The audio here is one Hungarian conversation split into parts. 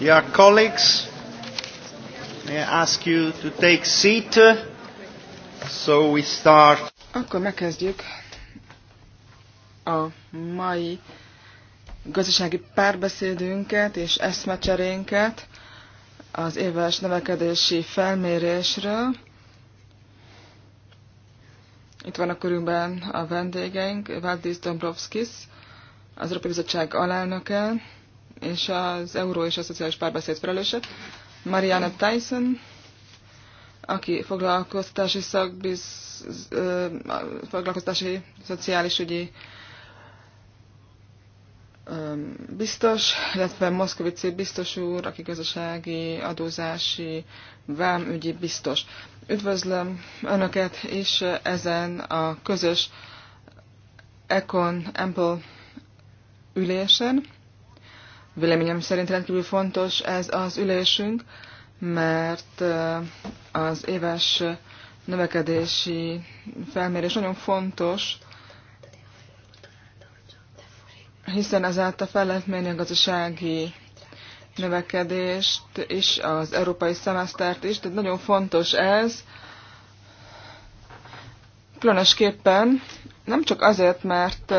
Dear colleagues, may I ask you to take seat so we start. Akkor megkezdjük a mai gazdasági párbeszédünket és eszmecserénket az éves növekedési felmérésről. Itt van a körünkben a vendégeink, Valdis Dombrovskis, az Európai Bizottság alelnöke, és az euró és a szociális párbeszéd felelőse, Mariana Tyson, aki foglalkoztási szakbiz, foglalkoztási szociális ügyi biztos, illetve Moszkovici biztos úr, aki gazdasági, adózási, vámügyi biztos. Üdvözlöm Önöket is ezen a közös Econ Ample ülésen. Véleményem szerint rendkívül fontos ez az ülésünk, mert az éves növekedési felmérés nagyon fontos, hiszen ezáltal fel lehet mérni a gazdasági növekedést és az európai szemesztert is, tehát nagyon fontos ez. Különösképpen nem csak azért, mert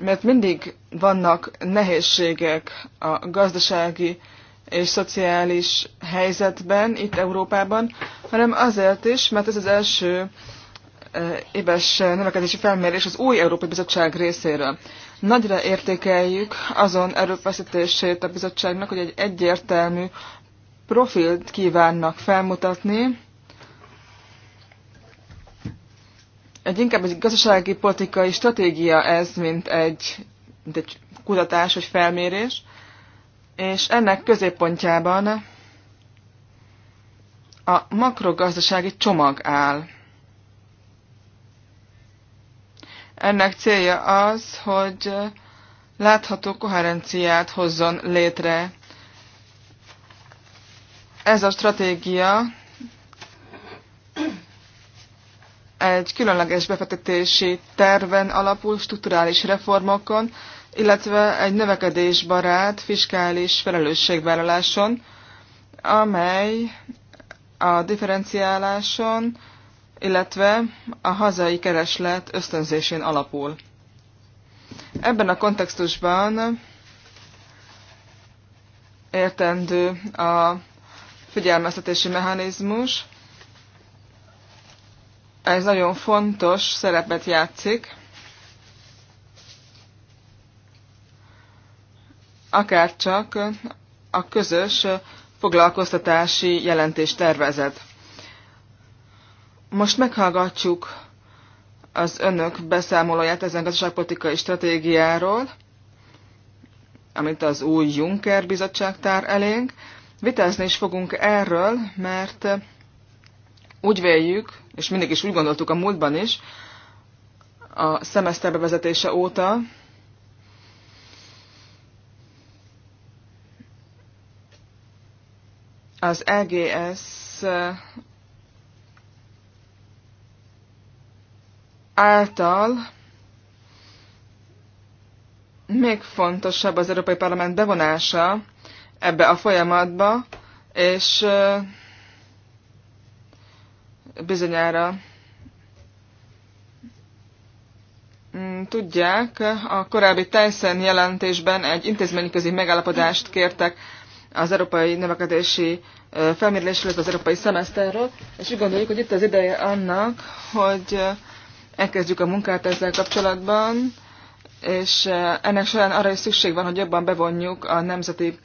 mert mindig vannak nehézségek a gazdasági és szociális helyzetben itt Európában, hanem azért is, mert ez az első eh, éves növekedési felmérés az új Európai Bizottság részéről. Nagyra értékeljük azon erőfeszítését a bizottságnak, hogy egy egyértelmű profilt kívánnak felmutatni, egy inkább egy gazdasági politikai stratégia ez, mint egy, mint egy kutatás vagy felmérés, és ennek középpontjában a makrogazdasági csomag áll. Ennek célja az, hogy látható koherenciát hozzon létre. Ez a stratégia egy különleges befektetési terven alapul strukturális reformokon, illetve egy növekedésbarát fiskális felelősségvállaláson, amely a differenciáláson, illetve a hazai kereslet ösztönzésén alapul. Ebben a kontextusban értendő a figyelmeztetési mechanizmus, ez nagyon fontos szerepet játszik, akárcsak a közös foglalkoztatási jelentés tervezet. Most meghallgatjuk az önök beszámolóját ezen gazdaságpolitikai stratégiáról, amit az új Juncker bizottság tár elénk. Vitázni is fogunk erről, mert úgy véljük, és mindig is úgy gondoltuk a múltban is, a szemeszter bevezetése óta, az EGS eh, által még fontosabb az Európai Parlament bevonása ebbe a folyamatba, és eh, bizonyára mm, tudják, a korábbi Tyson jelentésben egy intézményközi megállapodást kértek az európai növekedési felmérésről, az európai szemeszterről, és úgy gondoljuk, hogy itt az ideje annak, hogy elkezdjük a munkát ezzel kapcsolatban, és ennek során arra is szükség van, hogy jobban bevonjuk a nemzeti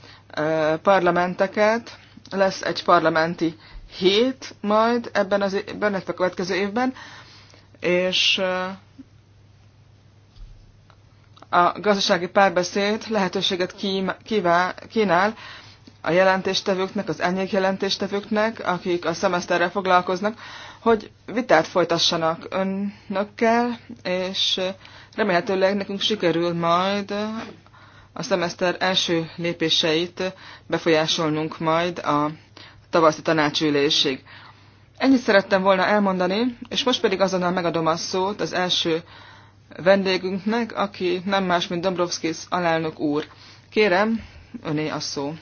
parlamenteket. Lesz egy parlamenti hét majd ebben, az, benne a következő évben, és a gazdasági párbeszéd lehetőséget kínál a jelentéstevőknek, az enyék jelentéstevőknek, akik a szemeszterrel foglalkoznak, hogy vitát folytassanak önökkel, és remélhetőleg nekünk sikerül majd a szemeszter első lépéseit befolyásolnunk majd a tavaszi tanácsülésig. Ennyit szerettem volna elmondani, és most pedig azonnal megadom a szót az első vendégünknek, aki nem más, mint Dombrovskis alelnök úr. Kérem, öné a szó.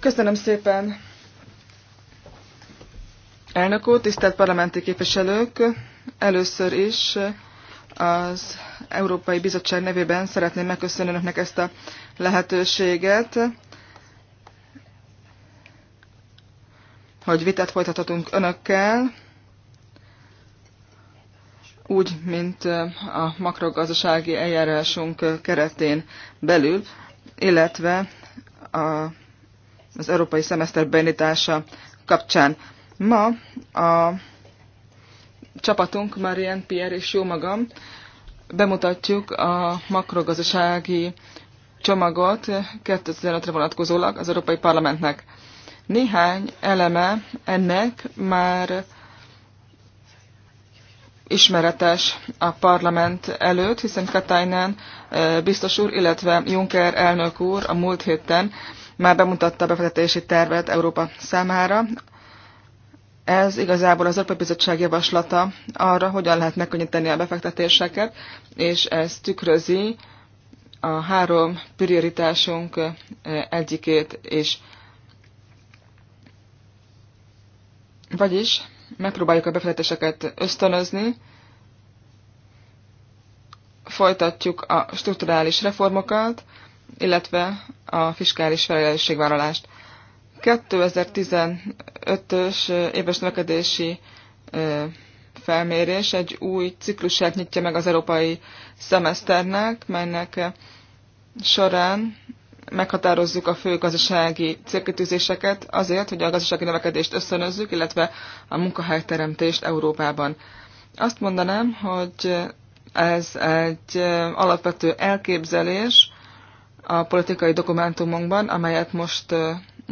Köszönöm szépen, elnök úr, tisztelt parlamenti képviselők! Először is az Európai Bizottság nevében szeretném megköszönni önöknek ezt a lehetőséget, hogy vitát folytathatunk önökkel, úgy, mint a makrogazdasági eljárásunk keretén belül, illetve a, az európai szemeszter beindítása kapcsán. Ma a csapatunk, Marian Pierre és jó magam, bemutatjuk a makrogazdasági csomagot 2005 re vonatkozólag az Európai Parlamentnek. Néhány eleme ennek már ismeretes a parlament előtt, hiszen Katainen eh, biztos úr, illetve Juncker elnök úr a múlt héten már bemutatta a befektetési tervet Európa számára. Ez igazából az Európai Bizottság javaslata arra, hogyan lehet megkönnyíteni a befektetéseket, és ez tükrözi a három prioritásunk eh, egyikét is. Vagyis megpróbáljuk a befektetéseket ösztönözni, folytatjuk a strukturális reformokat, illetve a fiskális felelősségvállalást. 2015-ös éves növekedési felmérés egy új ciklusát nyitja meg az európai szemeszternek, melynek során meghatározzuk a fő gazdasági célkitűzéseket azért, hogy a gazdasági növekedést összönözzük, illetve a munkahelyteremtést Európában. Azt mondanám, hogy ez egy alapvető elképzelés a politikai dokumentumunkban, amelyet most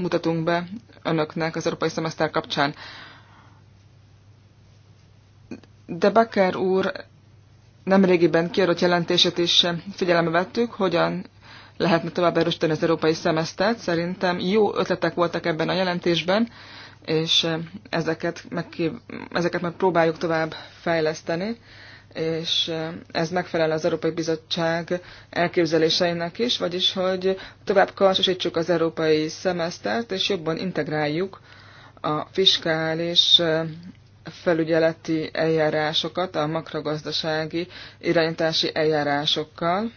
mutatunk be önöknek az európai szemeszter kapcsán. De Becker úr nemrégiben kiadott jelentését is figyelembe vettük, hogyan lehetne tovább erősíteni az európai szemesztert. Szerintem jó ötletek voltak ebben a jelentésben, és ezeket meg, ezeket meg próbáljuk tovább fejleszteni és ez megfelel az Európai Bizottság elképzeléseinek is, vagyis hogy tovább karsosítsuk az európai szemesztert, és jobban integráljuk a fiskális felügyeleti eljárásokat a makrogazdasági irányítási eljárásokkal.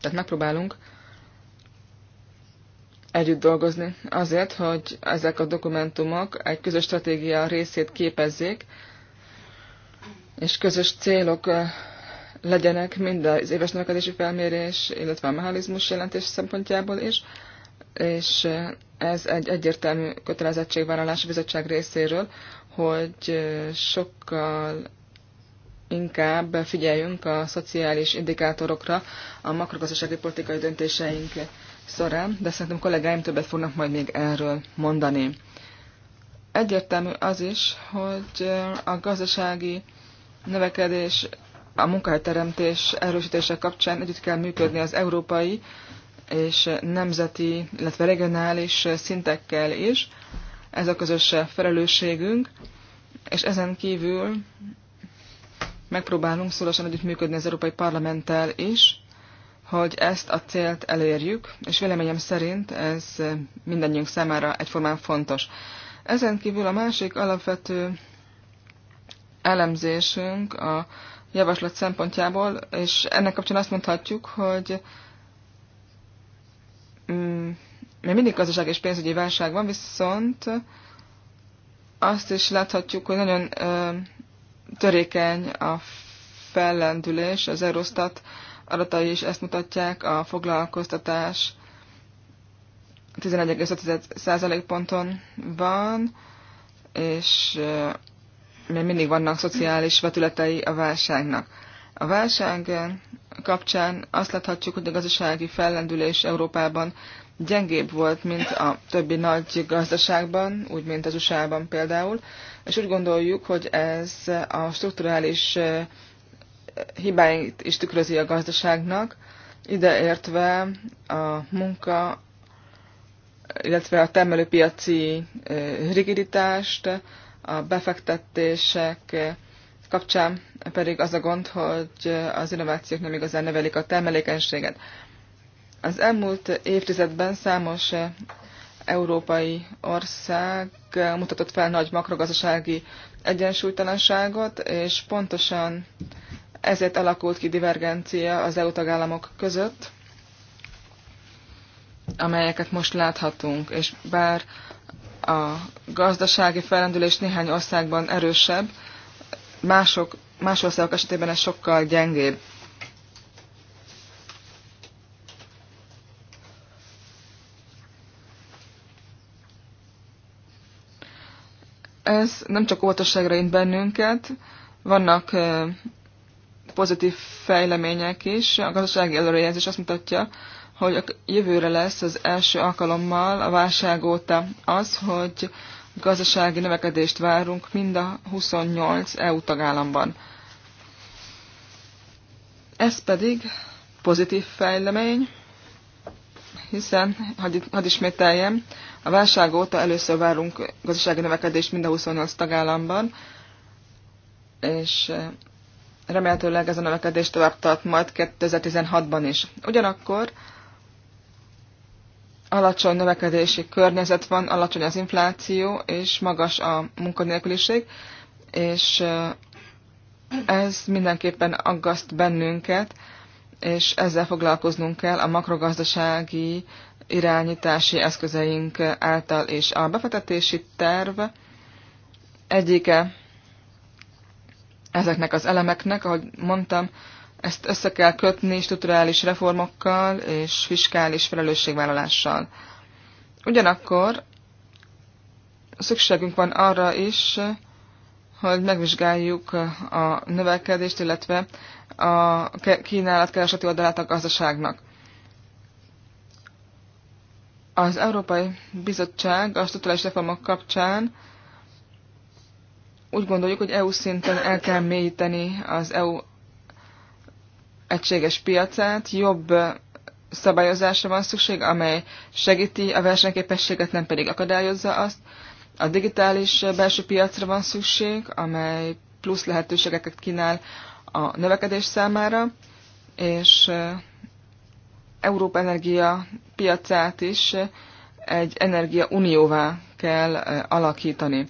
Tehát megpróbálunk együtt dolgozni azért, hogy ezek a dokumentumok egy közös stratégia részét képezzék, és közös célok legyenek mind az éves növekedési felmérés, illetve a mechanizmus jelentés szempontjából is, és ez egy egyértelmű kötelezettségvállalás a bizottság részéről, hogy sokkal inkább figyeljünk a szociális indikátorokra a makrogazdasági politikai döntéseink során, de szerintem kollégáim többet fognak majd még erről mondani. Egyértelmű az is, hogy a gazdasági növekedés, a munkahelyteremtés erősítése kapcsán együtt kell működni az európai és nemzeti, illetve regionális szintekkel is. Ez a közös felelősségünk, és ezen kívül megpróbálunk szorosan együttműködni az Európai Parlamenttel is, hogy ezt a célt elérjük, és véleményem szerint ez mindannyiunk számára egyformán fontos. Ezen kívül a másik alapvető elemzésünk a javaslat szempontjából, és ennek kapcsán azt mondhatjuk, hogy mi mm, mindig gazdaság és pénzügyi válság van, viszont azt is láthatjuk, hogy nagyon törékeny a fellendülés, az Eurostat adatai is ezt mutatják, a foglalkoztatás 11,5 ponton van, és mert mindig vannak szociális vetületei a válságnak. A válság kapcsán azt láthatjuk, hogy a gazdasági fellendülés Európában gyengébb volt, mint a többi nagy gazdaságban, úgy mint az USA-ban például, és úgy gondoljuk, hogy ez a strukturális hibáit is tükrözi a gazdaságnak, ideértve a munka, illetve a termelőpiaci rigiditást, a befektetések kapcsán pedig az a gond, hogy az innovációk nem igazán növelik a termelékenységet. Az elmúlt évtizedben számos európai ország mutatott fel nagy makrogazdasági egyensúlytalanságot, és pontosan ezért alakult ki divergencia az EU tagállamok között, amelyeket most láthatunk. És bár a gazdasági felrendülés néhány országban erősebb, mások, más országok esetében ez sokkal gyengébb. Ez nem csak óvatosságra int bennünket, vannak pozitív fejlemények is. A gazdasági előrejelzés azt mutatja, hogy a jövőre lesz az első alkalommal a válság óta az, hogy gazdasági növekedést várunk mind a 28 EU tagállamban. Ez pedig pozitív fejlemény, hiszen, hadd ismételjem, a válság óta először várunk gazdasági növekedést mind a 28 tagállamban, és eh, remélhetőleg ez a növekedés tovább tart majd 2016-ban is. Ugyanakkor alacsony növekedési környezet van, alacsony az infláció, és magas a munkanélküliség, és ez mindenképpen aggaszt bennünket, és ezzel foglalkoznunk kell a makrogazdasági irányítási eszközeink által, és a befektetési terv egyike ezeknek az elemeknek, ahogy mondtam, ezt össze kell kötni strukturális reformokkal és fiskális felelősségvállalással. Ugyanakkor szükségünk van arra is, hogy megvizsgáljuk a növekedést, illetve a kínálat-keresleti oldalát a gazdaságnak. Az Európai Bizottság a strukturális reformok kapcsán úgy gondoljuk, hogy EU szinten el kell mélyíteni az EU egységes piacát, jobb szabályozásra van szükség, amely segíti a versenyképességet, nem pedig akadályozza azt. A digitális belső piacra van szükség, amely plusz lehetőségeket kínál a növekedés számára, és eh, Európa energia piacát is eh, egy energia unióvá kell eh, alakítani.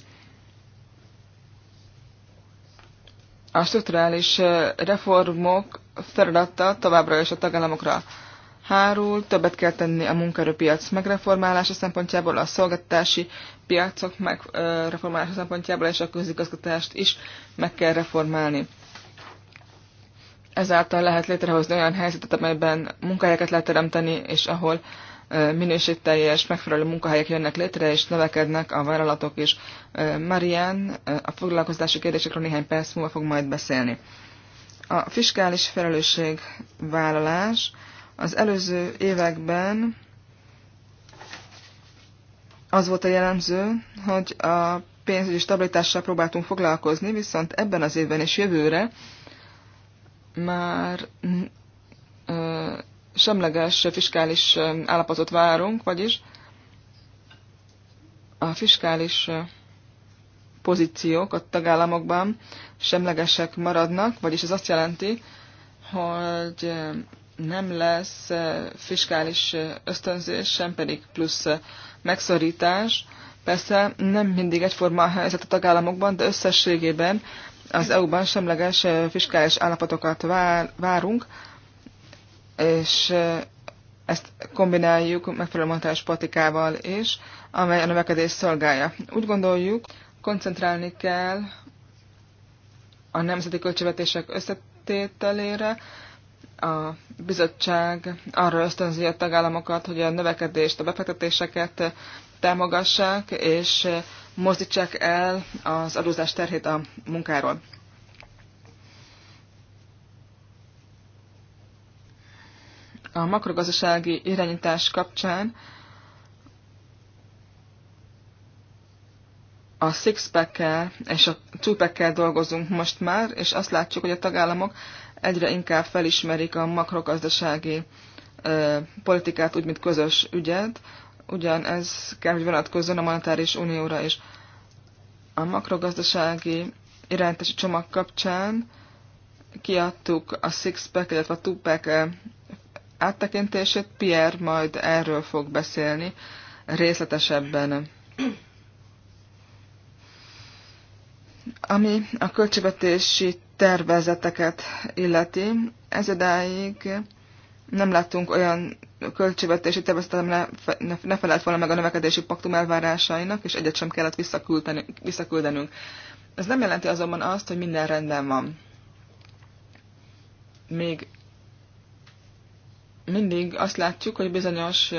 A strukturális reformok feladata továbbra is a tagállamokra hárul, többet kell tenni a munkaerőpiac megreformálása szempontjából, a szolgáltatási piacok megreformálása szempontjából, és a közigazgatást is meg kell reformálni. Ezáltal lehet létrehozni olyan helyzetet, amelyben munkahelyeket lehet teremteni, és ahol minőségteljes, megfelelő munkahelyek jönnek létre, és növekednek a vállalatok is. Marian a foglalkozási kérdésekről néhány perc múlva fog majd beszélni. A fiskális felelősségvállalás az előző években az volt a jellemző, hogy a pénzügyi stabilitással próbáltunk foglalkozni, viszont ebben az évben és jövőre már ö, semleges fiskális állapotot várunk, vagyis a fiskális pozíciók a tagállamokban semlegesek maradnak, vagyis ez azt jelenti, hogy nem lesz fiskális ösztönzés, sem pedig plusz megszorítás. Persze nem mindig egyforma a helyzet a tagállamokban, de összességében az EU-ban semleges fiskális állapotokat vár, várunk, és ezt kombináljuk megfelelő patikával is, amely a növekedés szolgálja. Úgy gondoljuk, koncentrálni kell a nemzeti költségvetések összetételére. A bizottság arra ösztönzi a tagállamokat, hogy a növekedést, a befektetéseket támogassák, és mozdítsák el az adózás terhét a munkáról. A makrogazdasági irányítás kapcsán a six pack és a two pack dolgozunk most már, és azt látjuk, hogy a tagállamok egyre inkább felismerik a makrogazdasági politikát úgy, mint közös ügyet, ugyan ez kell, hogy vonatkozzon a monetáris unióra is. A makrogazdasági irányítási csomag kapcsán kiadtuk a six-pack, illetve a two-pack áttekintését, Pierre majd erről fog beszélni részletesebben. Ami a költségvetési tervezeteket illeti, ez idáig nem láttunk olyan költségvetési tervezetet, ami ne, ne felelt volna meg a növekedési paktum elvárásainak, és egyet sem kellett visszaküldenünk. Ez nem jelenti azonban azt, hogy minden rendben van. Még mindig azt látjuk, hogy bizonyos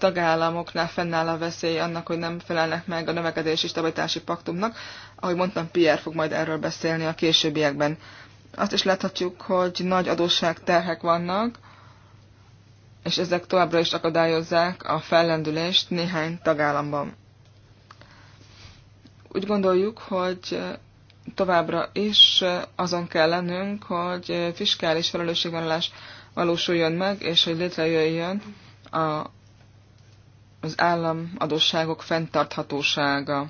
tagállamoknál fennáll a veszély annak, hogy nem felelnek meg a növekedési stabilitási paktumnak. Ahogy mondtam, Pierre fog majd erről beszélni a későbbiekben. Azt is láthatjuk, hogy nagy adósságterhek vannak, és ezek továbbra is akadályozzák a fellendülést néhány tagállamban. Úgy gondoljuk, hogy továbbra is azon kell lennünk, hogy fiskális felelősségvállalás valósuljon meg, és hogy létrejöjjön a az állam adósságok fenntarthatósága.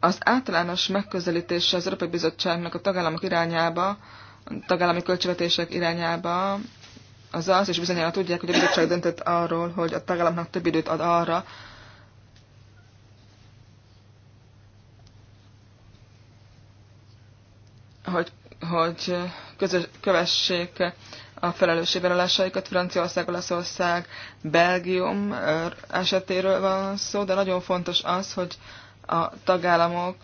Az általános megközelítése az Európai Bizottságnak a tagállamok irányába, a tagállami költségvetések irányába az az, és bizonyára tudják, hogy a bizottság döntött arról, hogy a tagállamnak több időt ad arra, hogy, hogy közös, kövessék a felelősségvállalásaikat. Franciaország, Olaszország, Belgium esetéről van szó, de nagyon fontos az, hogy a tagállamok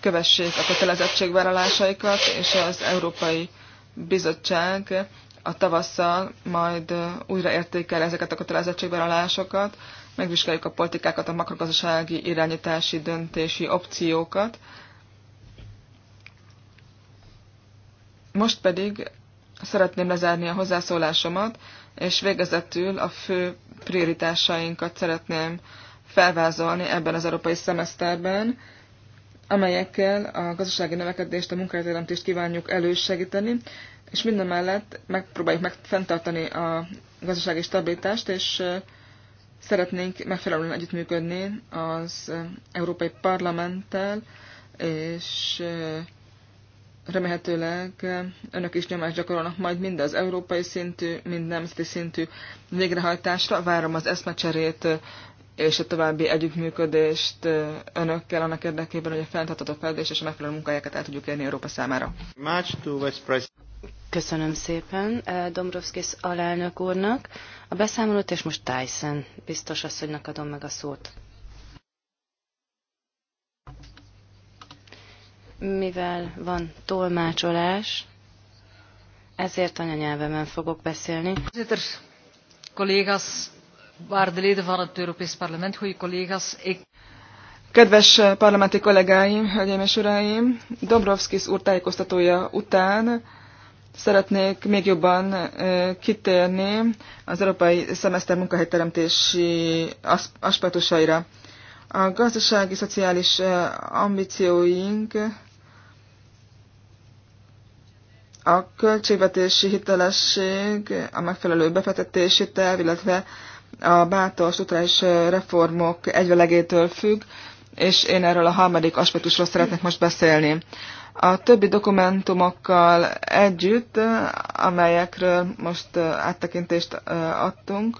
kövessék a kötelezettségvállalásaikat, és az Európai Bizottság a tavasszal majd újra értékel ezeket a kötelezettségvállalásokat, megvizsgáljuk a politikákat, a makrogazdasági irányítási döntési opciókat, Most pedig szeretném lezárni a hozzászólásomat, és végezetül a fő prioritásainkat szeretném felvázolni ebben az európai szemeszterben, amelyekkel a gazdasági növekedést, a munkahelyteremtést kívánjuk elősegíteni, és minden mellett megpróbáljuk meg fenntartani a gazdasági stabilitást, és szeretnénk megfelelően együttműködni az Európai Parlamenttel, és remélhetőleg önök is nyomást gyakorolnak majd mind az európai szintű, mind nemzeti szintű végrehajtásra. Várom az eszmecserét és a további együttműködést önökkel annak érdekében, hogy a fenntartható fejlődés és a megfelelő munkahelyeket el tudjuk érni Európa számára. Köszönöm szépen eh, Dombrovskis alelnök úrnak. A beszámolót és most Tyson biztos asszonynak adom meg a szót. mivel van tolmácsolás, ezért anyanyelvemen fogok beszélni. Voorzitter, collega's, waarde leden van het Europees Parlement, goede collega's, ik... Kedves parlamenti kollégáim, hölgyeim és uraim, Dombrovskis úr tájékoztatója után szeretnék még jobban kitérni az európai szemeszter munkahelyteremtési aspektusaira. A gazdasági, szociális ambícióink a költségvetési hitelesség, a megfelelő befektetési terv, illetve a bátor struktúrális reformok egyvelegétől függ, és én erről a harmadik aspektusról szeretnék most beszélni. A többi dokumentumokkal együtt, amelyekről most áttekintést adtunk,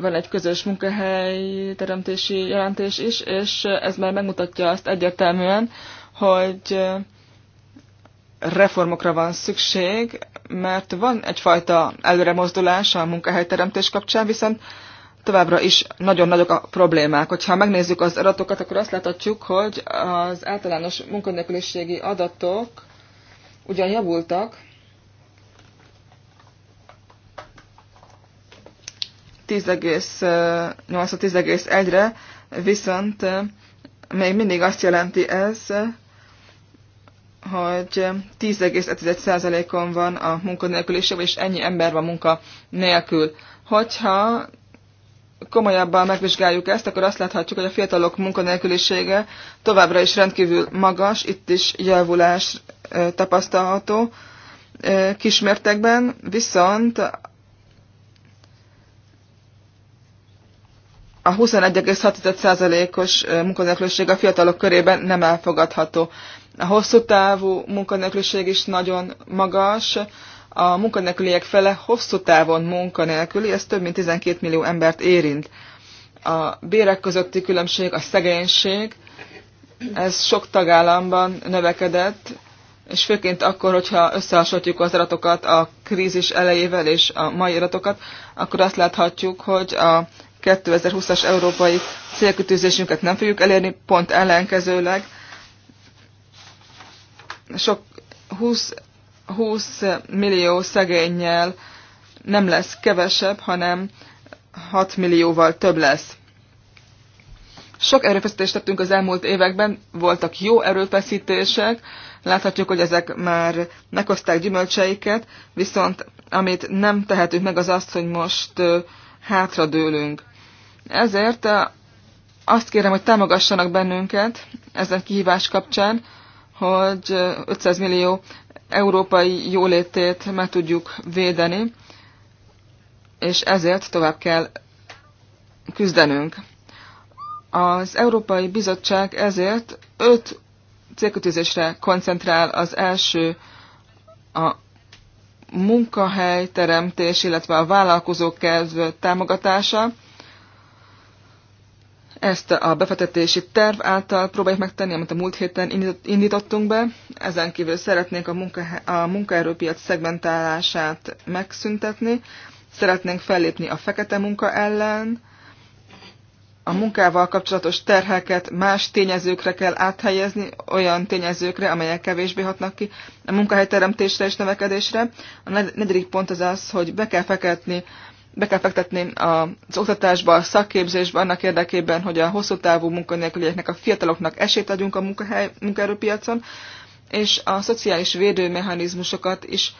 van egy közös munkahely teremtési jelentés is, és ez már megmutatja azt egyértelműen, hogy reformokra van szükség, mert van egyfajta előremozdulás a munkahelyteremtés kapcsán, viszont továbbra is nagyon nagyok a problémák. Hogyha megnézzük az adatokat, akkor azt láthatjuk, hogy az általános munkanélküliségi adatok ugyan javultak, 10,8-10,1-re, viszont eh, még mindig azt jelenti ez, hogy 10,1%-on van a munkanélküliség, és ennyi ember van munka nélkül. Hogyha komolyabban megvizsgáljuk ezt, akkor azt láthatjuk, hogy a fiatalok munkanélkülisége továbbra is rendkívül magas, itt is javulás tapasztalható kismértekben, viszont a 21,6%-os munkanélküliség a fiatalok körében nem elfogadható. A hosszú távú munkanélküliség is nagyon magas. A munkanélküliek fele hosszú távon munkanélküli, ez több mint 12 millió embert érint. A bérek közötti különbség, a szegénység, ez sok tagállamban növekedett, és főként akkor, hogyha összehasonlítjuk az adatokat a krízis elejével és a mai adatokat, akkor azt láthatjuk, hogy a 2020-as európai célkütőzésünket nem fogjuk elérni, pont ellenkezőleg sok 20, 20 millió szegényel nem lesz kevesebb, hanem 6 millióval több lesz. Sok erőfeszítést tettünk az elmúlt években, voltak jó erőfeszítések, láthatjuk, hogy ezek már meghozták gyümölcseiket, viszont amit nem tehetünk meg az azt, hogy most hátradőlünk. Ezért azt kérem, hogy támogassanak bennünket ezen kihívás kapcsán, hogy 500 millió európai jólétét meg tudjuk védeni, és ezért tovább kell küzdenünk. Az Európai Bizottság ezért öt célkötőzésre koncentrál az első a munkahely teremtés, illetve a vállalkozók kedv támogatása, ezt a befektetési terv által próbáljuk megtenni, amit a múlt héten indítottunk be. Ezen kívül szeretnénk a, munka, a munkaerőpiac szegmentálását megszüntetni, szeretnénk fellépni a fekete munka ellen, a munkával kapcsolatos terheket más tényezőkre kell áthelyezni, olyan tényezőkre, amelyek kevésbé hatnak ki a munkahelyteremtésre és növekedésre. A negyedik pont az az, hogy be kell feketni be kell fektetni az oktatásba, a szakképzésbe annak érdekében, hogy a hosszú távú munkanélkülieknek, a fiataloknak esélyt adjunk a munkahely, munkaerőpiacon, és a szociális védőmechanizmusokat is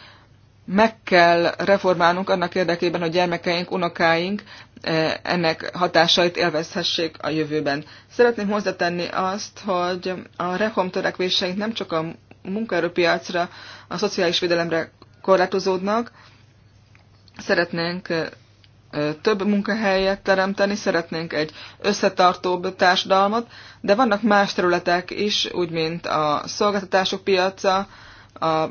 meg kell reformálnunk annak érdekében, hogy gyermekeink, unokáink eh, ennek hatásait élvezhessék a jövőben. Szeretném hozzátenni azt, hogy a reform törekvéseink nem csak a munkaerőpiacra, a szociális védelemre korlátozódnak, szeretnénk eh, több munkahelyet teremteni, szeretnénk egy összetartóbb társadalmat, de vannak más területek is, úgy mint a szolgáltatások piaca, a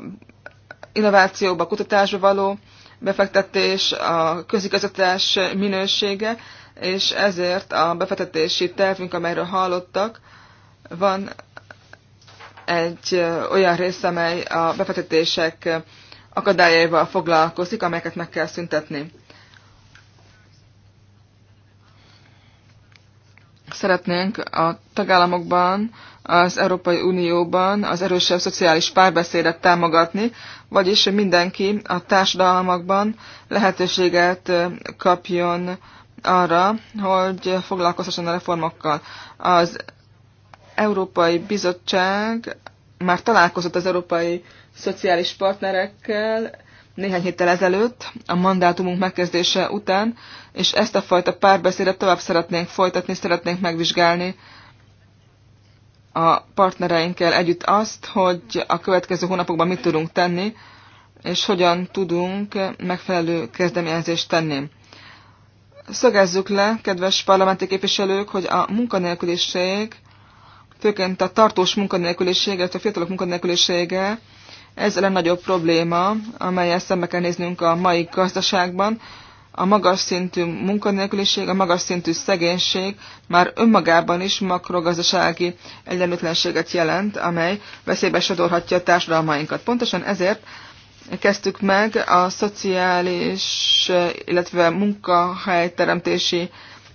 innovációba, kutatásba való befektetés, a közigazgatás minősége, és ezért a befektetési tervünk, amelyről hallottak, van egy olyan része, amely a befektetések akadályaival foglalkozik, amelyeket meg kell szüntetni. szeretnénk a tagállamokban, az Európai Unióban az erősebb szociális párbeszédet támogatni, vagyis hogy mindenki a társadalmakban lehetőséget kapjon arra, hogy foglalkozhasson a reformokkal. Az Európai Bizottság már találkozott az európai szociális partnerekkel, néhány héttel ezelőtt, a mandátumunk megkezdése után, és ezt a fajta párbeszédet tovább szeretnénk folytatni, szeretnénk megvizsgálni a partnereinkkel együtt azt, hogy a következő hónapokban mit tudunk tenni, és hogyan tudunk megfelelő kezdeményezést tenni. Szögezzük le, kedves parlamenti képviselők, hogy a munkanélküliség, főként a tartós munkanélküliség, illetve a fiatalok munkanélkülisége ez a legnagyobb probléma, amelyet szembe kell néznünk a mai gazdaságban. A magas szintű munkanélküliség, a magas szintű szegénység már önmagában is makrogazdasági egyenlőtlenséget jelent, amely veszélybe sodorhatja a társadalmainkat. Pontosan ezért kezdtük meg a szociális, illetve munkahelyteremtési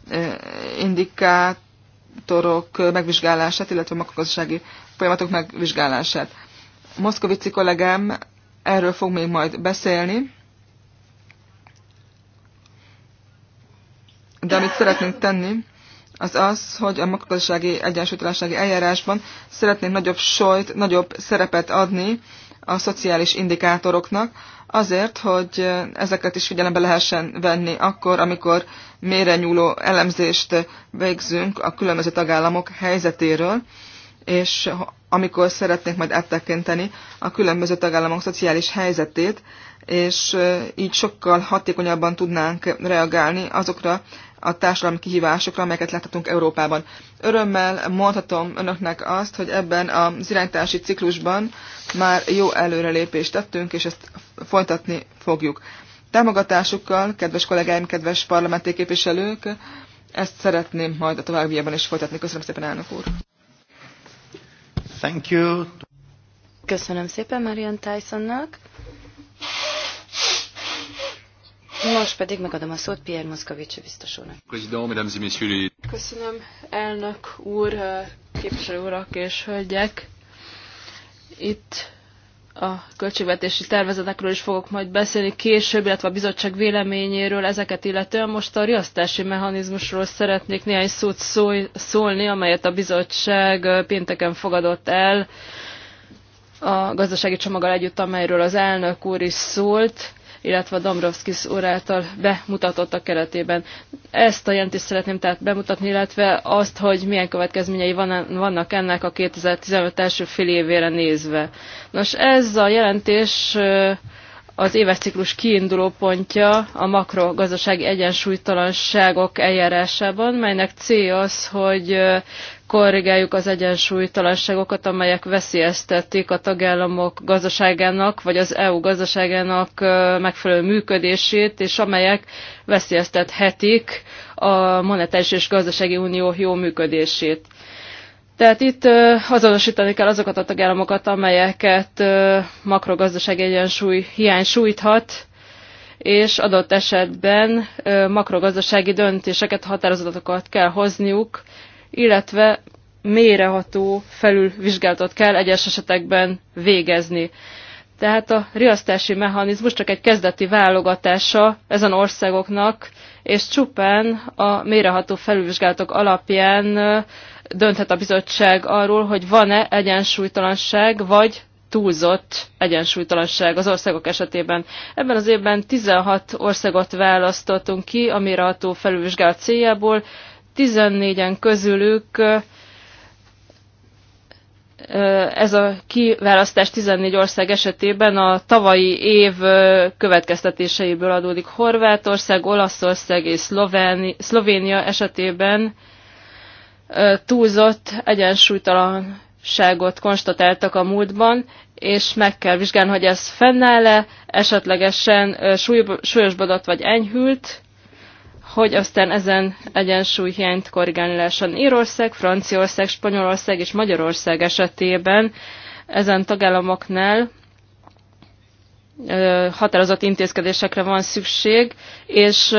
eh, indikátorok megvizsgálását, illetve a makrogazdasági folyamatok megvizsgálását. Moszkovici kollégám erről fog még majd beszélni. De amit szeretnénk tenni, az az, hogy a makrogazdasági egyensúlytalansági eljárásban szeretnénk nagyobb sojt, nagyobb szerepet adni a szociális indikátoroknak, azért, hogy ezeket is figyelembe lehessen venni akkor, amikor nyúló elemzést végzünk a különböző tagállamok helyzetéről, és amikor szeretnék majd áttekinteni a különböző tagállamok szociális helyzetét, és így sokkal hatékonyabban tudnánk reagálni azokra a társadalmi kihívásokra, amelyeket láthatunk Európában. Örömmel mondhatom önöknek azt, hogy ebben az iránytási ciklusban már jó előrelépést tettünk, és ezt folytatni fogjuk. Támogatásukkal, kedves kollégáim, kedves parlamenti képviselők, ezt szeretném majd a továbbiakban is folytatni. Köszönöm szépen, elnök úr! Thank you. Köszönöm szépen Marian Tysonnak. Most pedig megadom a szót Pierre Moszkavicsi biztos úrnak. Köszönöm, elnök úr, képviselő urak és hölgyek. Itt a költségvetési tervezetekről is fogok majd beszélni később, illetve a bizottság véleményéről ezeket illetően. Most a riasztási mechanizmusról szeretnék néhány szót szól, szólni, amelyet a bizottság pénteken fogadott el a gazdasági csomaggal együtt, amelyről az elnök úr is szólt illetve a Dombrovskis úr által bemutatottak keretében. Ezt a jelentést szeretném tehát bemutatni, illetve azt, hogy milyen következményei vannak ennek a 2015 első fél évére nézve. Nos, ez a jelentés az éves ciklus kiinduló pontja a makrogazdasági egyensúlytalanságok eljárásában, melynek célja az, hogy korrigáljuk az egyensúlytalanságokat, amelyek veszélyeztetik a tagállamok gazdaságának, vagy az EU gazdaságának megfelelő működését, és amelyek veszélyeztethetik a monetáris és gazdasági unió jó működését. Tehát itt azonosítani kell azokat a tagállamokat, amelyeket makrogazdasági egyensúly hiány sújthat, és adott esetben makrogazdasági döntéseket, határozatokat kell hozniuk, illetve méreható felülvizsgálatot kell egyes esetekben végezni. Tehát a riasztási mechanizmus csak egy kezdeti válogatása ezen országoknak, és csupán a méreható felülvizsgálatok alapján dönthet a bizottság arról, hogy van-e egyensúlytalanság, vagy túlzott egyensúlytalanság az országok esetében. Ebben az évben 16 országot választottunk ki a méreható felülvizsgálat céljából, 14-en közülük ez a kiválasztás 14 ország esetében a tavalyi év következtetéseiből adódik. Horvátország, Olaszország és Szlovénia, Szlovénia esetében túlzott egyensúlytalanságot konstatáltak a múltban, és meg kell vizsgálni, hogy ez fennáll-e, esetlegesen súlyosbodott vagy enyhült, hogy aztán ezen egyensúlyhiányt korrigálni lehessen Írország, Franciaország, Spanyolország és Magyarország esetében ezen tagállamoknál határozott intézkedésekre van szükség, és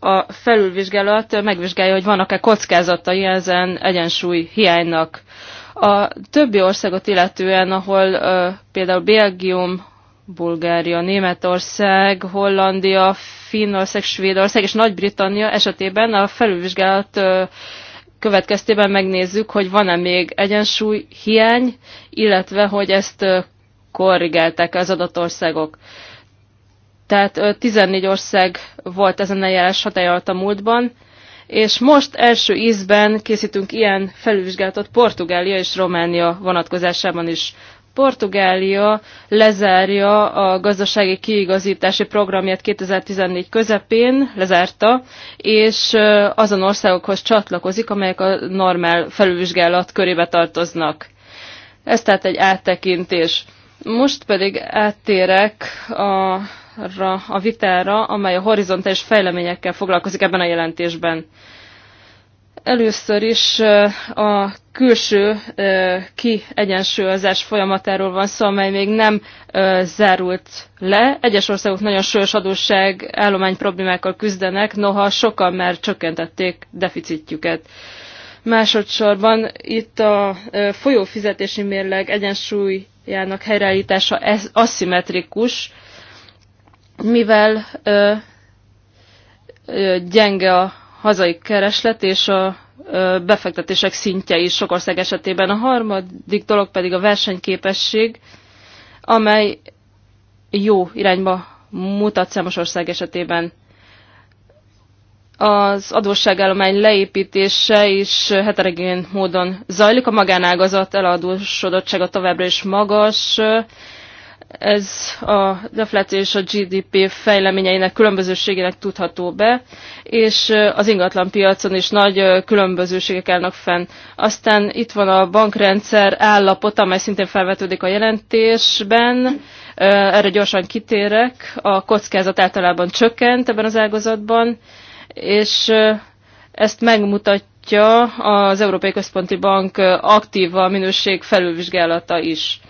a felülvizsgálat megvizsgálja, hogy vannak-e kockázatai ezen egyensúly hiánynak. A többi országot illetően, ahol például Belgium, Bulgária, Németország, Hollandia, Finnország, Svédország és Nagy-Britannia esetében a felülvizsgálat következtében megnézzük, hogy van-e még egyensúly hiány, illetve hogy ezt korrigálták az adott országok. Tehát 14 ország volt ezen a hatály alatt a múltban, és most első ízben készítünk ilyen felülvizsgálatot Portugália és Románia vonatkozásában is. Portugália lezárja a gazdasági kiigazítási programját 2014 közepén, lezárta, és azon országokhoz csatlakozik, amelyek a normál felülvizsgálat körébe tartoznak. Ez tehát egy áttekintés. Most pedig áttérek a a vitára, amely a horizontális fejleményekkel foglalkozik ebben a jelentésben. Először is a külső kiegyensúlyozás folyamatáról van szó, amely még nem zárult le. Egyes országok nagyon súlyos adósság állomány problémákkal küzdenek, noha sokan már csökkentették deficitjüket. Másodszorban itt a folyófizetési mérleg egyensúlyának helyreállítása aszimmetrikus, mivel gyenge a hazai kereslet és a befektetések szintje is sok ország esetében. A harmadik dolog pedig a versenyképesség, amely jó irányba mutat számos ország esetében. Az adósságállomány leépítése is heterogén módon zajlik, a magánágazat eladósodottsága továbbra is magas, ez a defláció és a GDP fejleményeinek különbözőségének tudható be, és az ingatlan piacon is nagy különbözőségek állnak fenn. Aztán itt van a bankrendszer állapota, amely szintén felvetődik a jelentésben. Erre gyorsan kitérek. A kockázat általában csökkent ebben az ágazatban, és ezt megmutatja az Európai Központi Bank aktíva minőség felülvizsgálata is.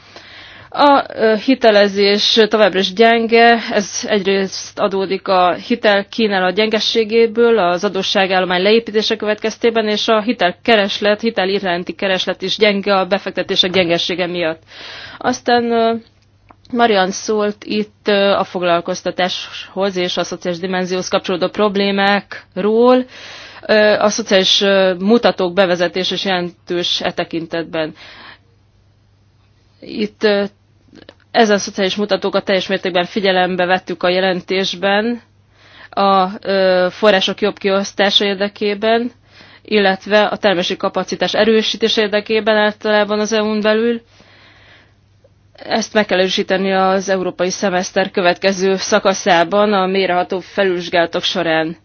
A hitelezés továbbra is gyenge, ez egyrészt adódik a hitel a gyengességéből, az adósságállomány leépítése következtében, és a hitelkereslet, hitel iránti kereslet is gyenge a befektetések gyengessége miatt. Aztán Marian szólt itt a foglalkoztatáshoz és a szociális dimenzióhoz kapcsolódó problémákról. A szociális mutatók bevezetés is jelentős e tekintetben. Itt ezen szociális mutatókat teljes mértékben figyelembe vettük a jelentésben, a források jobb kiosztása érdekében, illetve a termési kapacitás erősítés érdekében általában az EU-n belül. Ezt meg kell erősíteni az európai szemeszter következő szakaszában a méreható felülvizsgálatok során.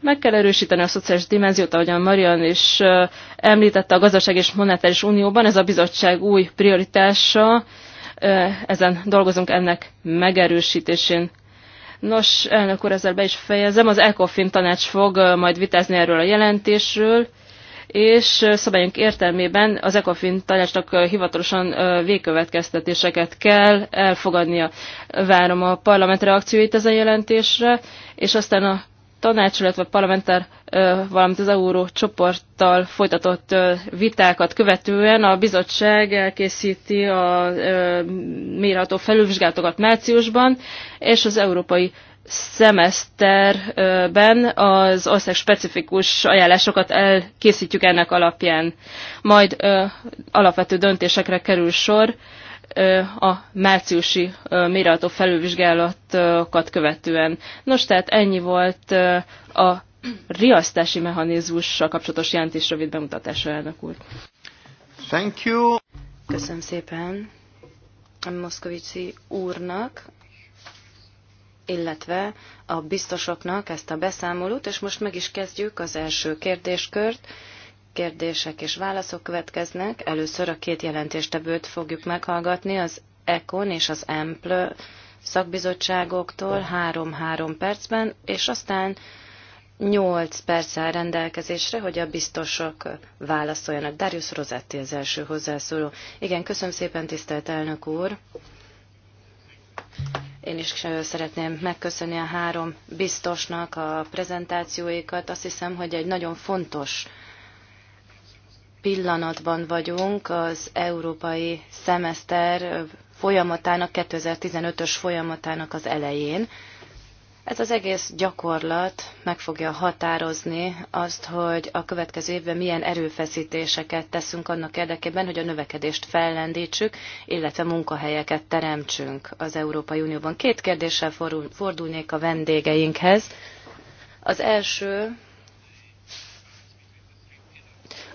Meg kell erősíteni a szociális dimenziót, ahogyan Marian is említette a Gazdaság és Monetáris Unióban, ez a bizottság új prioritása, ezen dolgozunk ennek megerősítésén. Nos, elnök úr, ezzel be is fejezem. Az ECOFIN tanács fog majd vitázni erről a jelentésről, és szabályunk értelmében az ECOFIN tanácsnak hivatalosan végkövetkeztetéseket kell elfogadnia. Várom a parlament reakcióit ezen jelentésre, és aztán a tanács, illetve a parlamentár valamint az euró csoporttal folytatott vitákat követően a bizottság elkészíti a mérható felülvizsgálatokat márciusban, és az európai szemeszterben az ország specifikus ajánlásokat elkészítjük ennek alapján. Majd ö, alapvető döntésekre kerül sor ö, a márciusi mérható felülvizsgálatokat követően. Nos, tehát ennyi volt ö, a riasztási mechanizmussal kapcsolatos jelentés rövid bemutatása, elnök úr. Thank you. Köszönöm szépen a Moszkovici úrnak, illetve a biztosoknak ezt a beszámolót, és most meg is kezdjük az első kérdéskört. Kérdések és válaszok következnek. Először a két jelentéstevőt fogjuk meghallgatni, az ECON és az EMPL szakbizottságoktól 3-3 percben, és aztán 8 áll rendelkezésre, hogy a biztosok válaszoljanak. Darius Rozetti az első hozzászóló. Igen, köszönöm szépen, tisztelt elnök úr. Én is szeretném megköszönni a három biztosnak a prezentációikat. Azt hiszem, hogy egy nagyon fontos pillanatban vagyunk az európai szemeszter folyamatának, 2015-ös folyamatának az elején. Ez az egész gyakorlat meg fogja határozni azt, hogy a következő évben milyen erőfeszítéseket teszünk annak érdekében, hogy a növekedést fellendítsük, illetve munkahelyeket teremtsünk az Európai Unióban. Két kérdéssel fordulnék a vendégeinkhez. Az első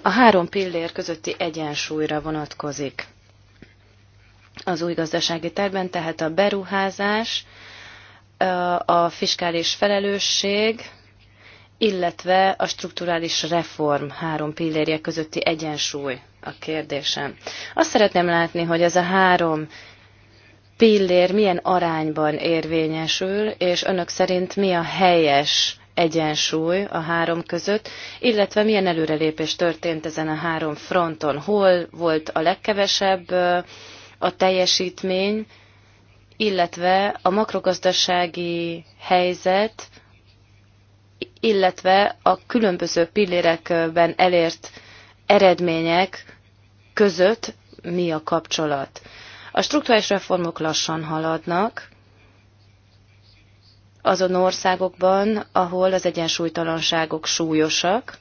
a három pillér közötti egyensúlyra vonatkozik az új gazdasági tervben, tehát a beruházás, a fiskális felelősség, illetve a strukturális reform három pillérje közötti egyensúly a kérdésem. Azt szeretném látni, hogy ez a három pillér milyen arányban érvényesül, és önök szerint mi a helyes egyensúly a három között, illetve milyen előrelépés történt ezen a három fronton, hol volt a legkevesebb a teljesítmény, illetve a makrogazdasági helyzet, illetve a különböző pillérekben elért eredmények között mi a kapcsolat. A struktúrális reformok lassan haladnak azon országokban, ahol az egyensúlytalanságok súlyosak,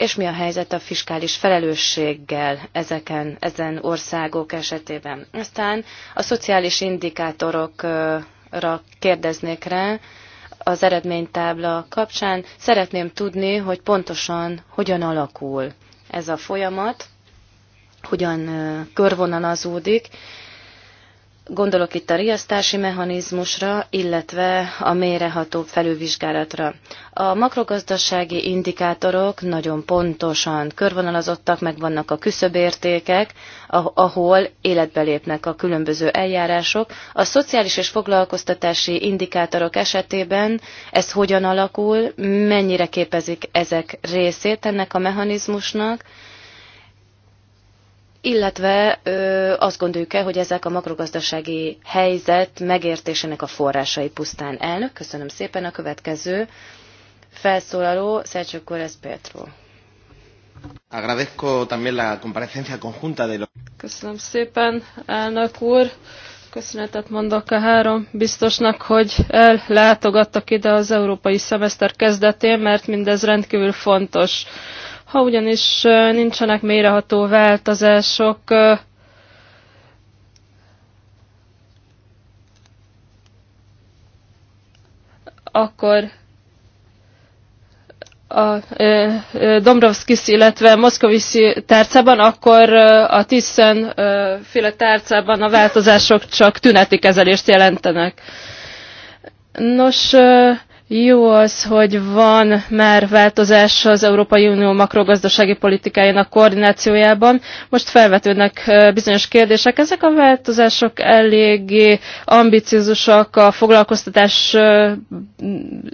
és mi a helyzet a fiskális felelősséggel ezeken, ezen országok esetében. Aztán a szociális indikátorokra kérdeznék rá az eredménytábla kapcsán. Szeretném tudni, hogy pontosan hogyan alakul ez a folyamat, hogyan körvonalazódik, Gondolok itt a riasztási mechanizmusra, illetve a mélyreható felülvizsgálatra. A makrogazdasági indikátorok nagyon pontosan körvonalazottak, meg vannak a küszöbértékek, ahol életbe lépnek a különböző eljárások. A szociális és foglalkoztatási indikátorok esetében ez hogyan alakul, mennyire képezik ezek részét ennek a mechanizmusnak, illetve ö, azt gondoljuk el, hogy ezek a makrogazdasági helyzet megértésének a forrásai pusztán elnök. Köszönöm szépen a következő felszólaló, Szercső Corres Petro. Köszönöm szépen, elnök úr. Köszönetet mondok a három biztosnak, hogy ellátogattak ide az európai szemeszter kezdetén, mert mindez rendkívül fontos. Ha ugyanis nincsenek méreható változások, akkor a Dombrovskis, illetve Moszkoviszi tárcában, akkor a Tiszen féle tárcában a változások csak tüneti kezelést jelentenek. Nos, jó az, hogy van már változás az Európai Unió makrogazdasági politikájának koordinációjában. Most felvetődnek bizonyos kérdések. Ezek a változások eléggé ambiciózusak a foglalkoztatás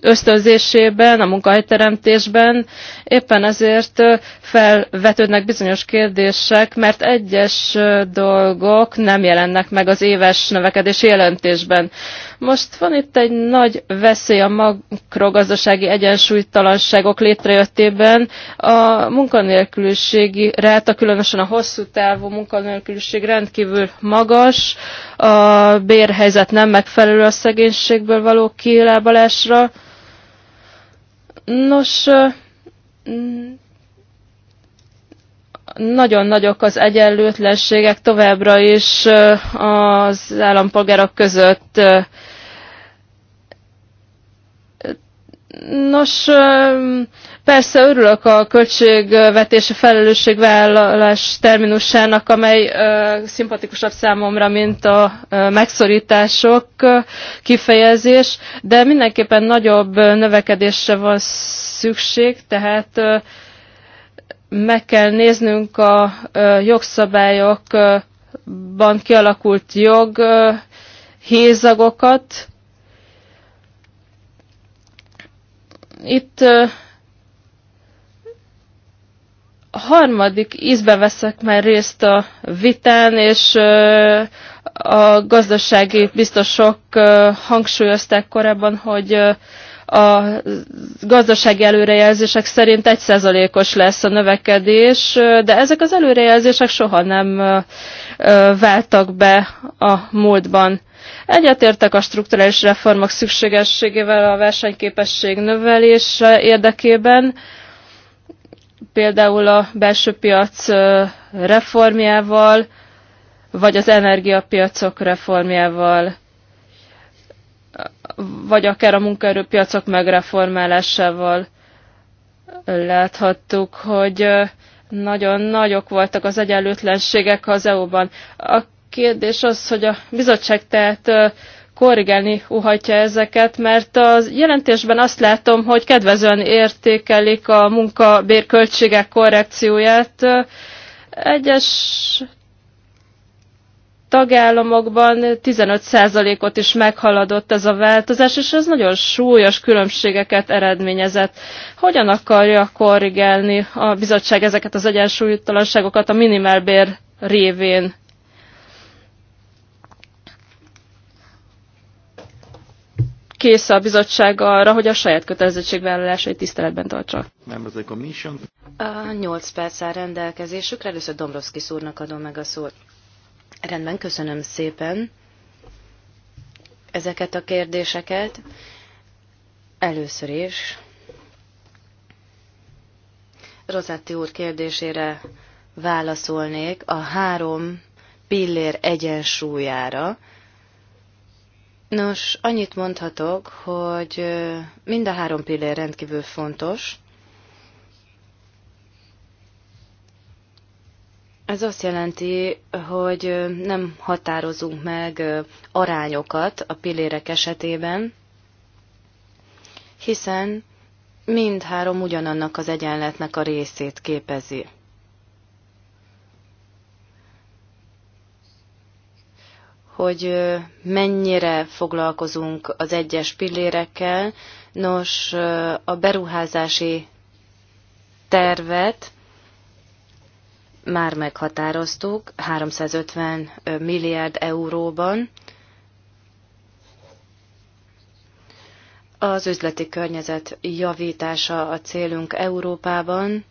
ösztönzésében, a munkahelyteremtésben. Éppen ezért felvetődnek bizonyos kérdések, mert egyes dolgok nem jelennek meg az éves növekedési jelentésben. Most van itt egy nagy veszély a mag makrogazdasági egyensúlytalanságok létrejöttében a munkanélküliségi ráta, különösen a hosszú távú munkanélküliség rendkívül magas, a bérhelyzet nem megfelelő a szegénységből való kilábalásra. Nos, nagyon nagyok az egyenlőtlenségek továbbra is az állampolgárok között Nos, persze örülök a költségvetési felelősségvállalás terminusának, amely szimpatikusabb számomra, mint a megszorítások kifejezés, de mindenképpen nagyobb növekedésre van szükség, tehát meg kell néznünk a jogszabályokban kialakult jog hézagokat, itt a harmadik ízbe veszek már részt a vitán, és a gazdasági biztosok hangsúlyozták korábban, hogy a gazdasági előrejelzések szerint egy százalékos lesz a növekedés, de ezek az előrejelzések soha nem váltak be a múltban. Egyetértek a strukturális reformok szükségességével a versenyképesség növelése érdekében, például a belső piac reformjával, vagy az energiapiacok reformjával, vagy akár a munkaerőpiacok megreformálásával láthattuk, hogy nagyon nagyok voltak az egyenlőtlenségek az EU-ban. A kérdés az, hogy a bizottság tehát korrigálni uhatja ezeket, mert a jelentésben azt látom, hogy kedvezően értékelik a munkabérköltségek korrekcióját. Egyes tagállamokban 15%-ot is meghaladott ez a változás, és ez nagyon súlyos különbségeket eredményezett. Hogyan akarja korrigálni a bizottság ezeket az egyensúlytalanságokat a minimálbér révén? kész a bizottság arra, hogy a saját kötelezettségvállalásait tiszteletben tartsa? A 8 perc áll rendelkezésükre. Először Dombrovszki szúrnak adom meg a szót. Rendben, köszönöm szépen ezeket a kérdéseket. Először is Rosetti úr kérdésére válaszolnék a három pillér egyensúlyára, Nos, annyit mondhatok, hogy mind a három pillér rendkívül fontos. Ez azt jelenti, hogy nem határozunk meg arányokat a pillérek esetében, hiszen mindhárom ugyanannak az egyenletnek a részét képezi. hogy mennyire foglalkozunk az egyes pillérekkel. Nos, a beruházási tervet már meghatároztuk 350 milliárd euróban. Az üzleti környezet javítása a célunk Európában,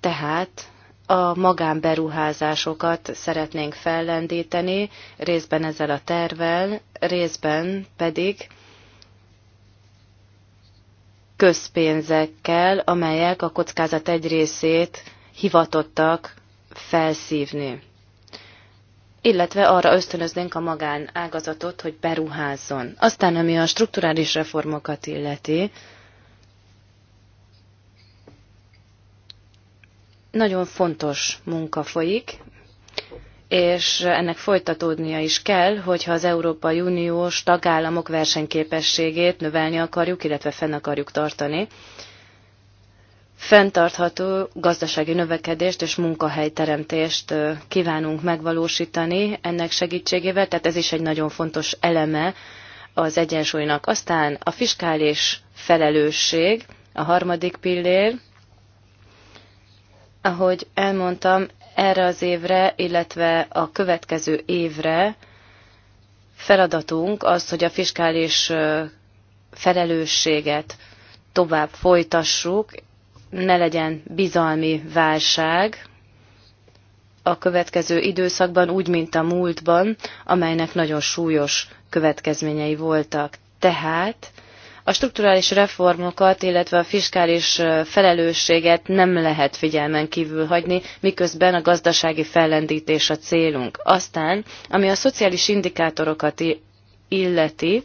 tehát a magánberuházásokat szeretnénk fellendíteni, részben ezzel a tervel, részben pedig közpénzekkel, amelyek a kockázat egy részét hivatottak felszívni. Illetve arra ösztönöznénk a magánágazatot, hogy beruházzon. Aztán, ami a strukturális reformokat illeti, Nagyon fontos munka folyik, és ennek folytatódnia is kell, hogyha az Európai Uniós tagállamok versenyképességét növelni akarjuk, illetve fenn akarjuk tartani. Fenntartható gazdasági növekedést és munkahelyteremtést kívánunk megvalósítani ennek segítségével, tehát ez is egy nagyon fontos eleme az egyensúlynak. Aztán a fiskális felelősség, a harmadik pillér, ahogy elmondtam, erre az évre, illetve a következő évre feladatunk az, hogy a fiskális felelősséget tovább folytassuk, ne legyen bizalmi válság a következő időszakban, úgy, mint a múltban, amelynek nagyon súlyos következményei voltak. Tehát a strukturális reformokat, illetve a fiskális felelősséget nem lehet figyelmen kívül hagyni, miközben a gazdasági fellendítés a célunk. Aztán, ami a szociális indikátorokat illeti,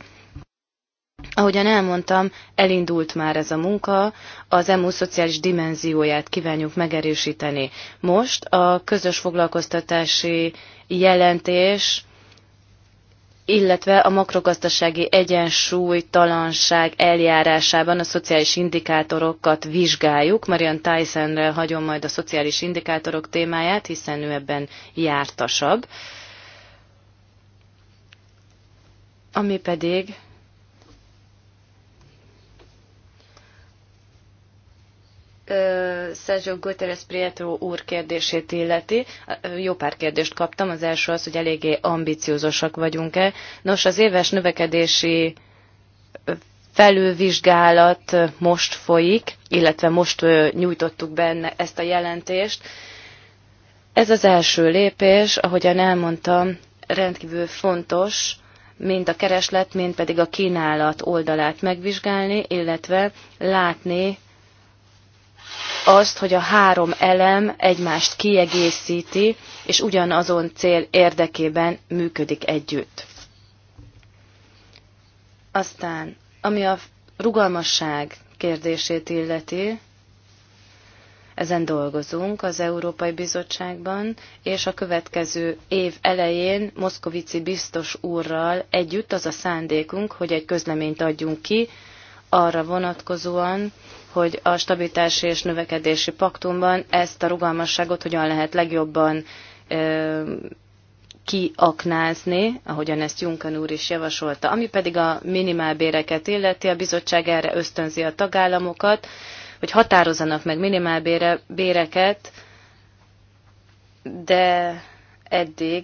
Ahogyan elmondtam, elindult már ez a munka, az EMU szociális dimenzióját kívánjuk megerősíteni. Most a közös foglalkoztatási jelentés illetve a makrogazdasági egyensúlytalanság eljárásában a szociális indikátorokat vizsgáljuk. Marian Tysonre hagyom majd a szociális indikátorok témáját, hiszen ő ebben jártasabb. Ami pedig Sergio Guterres Prieto úr kérdését illeti, jó pár kérdést kaptam. Az első az, hogy eléggé ambiciózusak vagyunk-e. Nos, az éves növekedési felülvizsgálat most folyik, illetve most nyújtottuk benne ezt a jelentést. Ez az első lépés, ahogyan elmondtam, rendkívül fontos, mind a kereslet, mind pedig a kínálat oldalát megvizsgálni, illetve látni, azt, hogy a három elem egymást kiegészíti, és ugyanazon cél érdekében működik együtt. Aztán, ami a rugalmasság kérdését illeti, ezen dolgozunk az Európai Bizottságban, és a következő év elején Moszkovici biztos úrral együtt az a szándékunk, hogy egy közleményt adjunk ki arra vonatkozóan, hogy a stabilitási és növekedési paktumban ezt a rugalmasságot hogyan lehet legjobban kiaknázni, ahogyan ezt Juncker úr is javasolta. Ami pedig a minimálbéreket illeti, a bizottság erre ösztönzi a tagállamokat, hogy határozzanak meg minimálbéreket, de eddig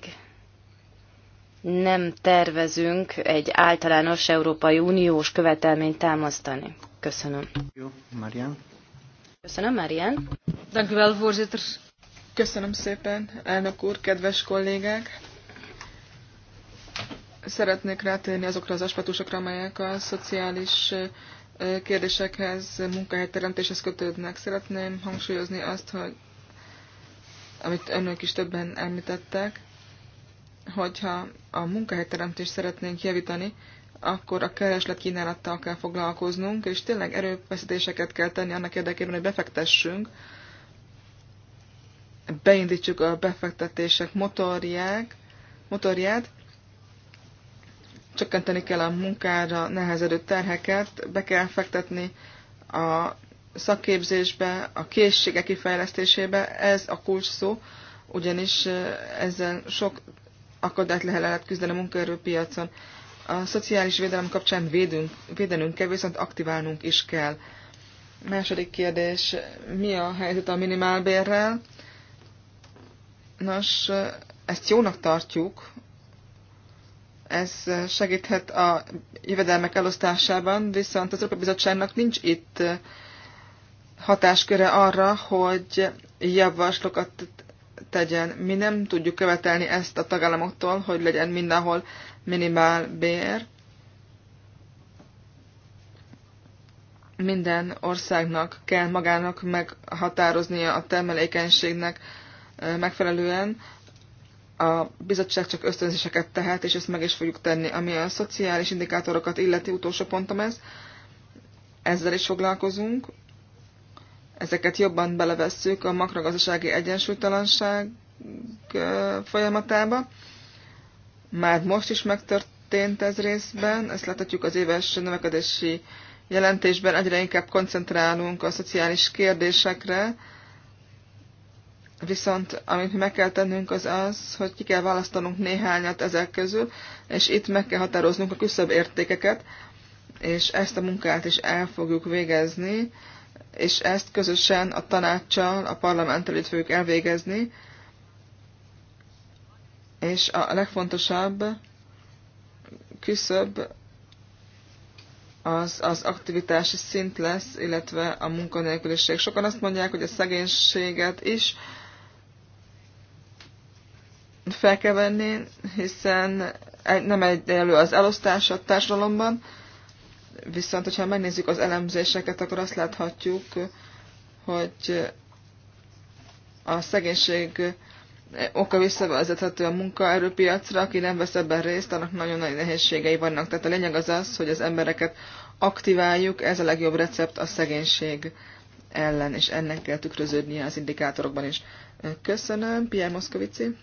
nem tervezünk egy általános Európai Uniós követelményt támasztani. Köszönöm. Jó, Marian. Köszönöm, Marian. Dank u wel, voorzitter. Köszönöm szépen, elnök úr, kedves kollégák! Szeretnék rátérni azokra az aspektusokra, amelyek a szociális kérdésekhez, munkahelyteremtéshez kötődnek. Szeretném hangsúlyozni azt, hogy amit önök is többen említettek, hogyha a munkahelyteremtést szeretnénk javítani, akkor a kereslet kínálattal kell foglalkoznunk, és tényleg erőfeszítéseket kell tenni annak érdekében, hogy befektessünk, beindítsuk a befektetések motorják, motorját, csökkenteni kell a munkára nehezedő terheket, be kell fektetni a szakképzésbe, a készségek kifejlesztésébe, ez a kulcs szó, ugyanis eh, ezzel sok akadályt lehet küzdeni a munkaerőpiacon. piacon a szociális védelem kapcsán védünk, védenünk kell, viszont aktiválnunk is kell. Második kérdés, mi a helyzet a minimálbérrel? Nos, ezt jónak tartjuk. Ez segíthet a jövedelmek elosztásában, viszont az Európai Bizottságnak nincs itt hatásköre arra, hogy javaslokat tegyen. Mi nem tudjuk követelni ezt a tagállamoktól, hogy legyen mindenhol minimál bér. Minden országnak kell magának meghatároznia a termelékenységnek megfelelően. A bizottság csak ösztönzéseket tehet, és ezt meg is fogjuk tenni. Ami a szociális indikátorokat illeti, utolsó pontom ez, ezzel is foglalkozunk ezeket jobban belevesszük a makrogazdasági egyensúlytalanság folyamatába. Már most is megtörtént ez részben, ezt láthatjuk az éves növekedési jelentésben, egyre inkább koncentrálunk a szociális kérdésekre, viszont amit meg kell tennünk az az, hogy ki kell választanunk néhányat ezek közül, és itt meg kell határoznunk a küszöbb értékeket, és ezt a munkát is el fogjuk végezni és ezt közösen a tanácssal, a parlamenttel itt fogjuk elvégezni. És a legfontosabb küszöbb az, az aktivitási szint lesz, illetve a munkanélküliség. Sokan azt mondják, hogy a szegénységet is fel kell venni, hiszen nem egy elő az elosztás a társadalomban, Viszont, hogyha megnézzük az elemzéseket, akkor azt láthatjuk, hogy a szegénység oka visszavezethető a munkaerőpiacra, aki nem vesz ebben részt, annak nagyon nagy nehézségei vannak. Tehát a lényeg az az, hogy az embereket aktiváljuk, ez a legjobb recept a szegénység ellen, és ennek kell tükröződnie az indikátorokban is. Köszönöm, Pierre Moszkovici.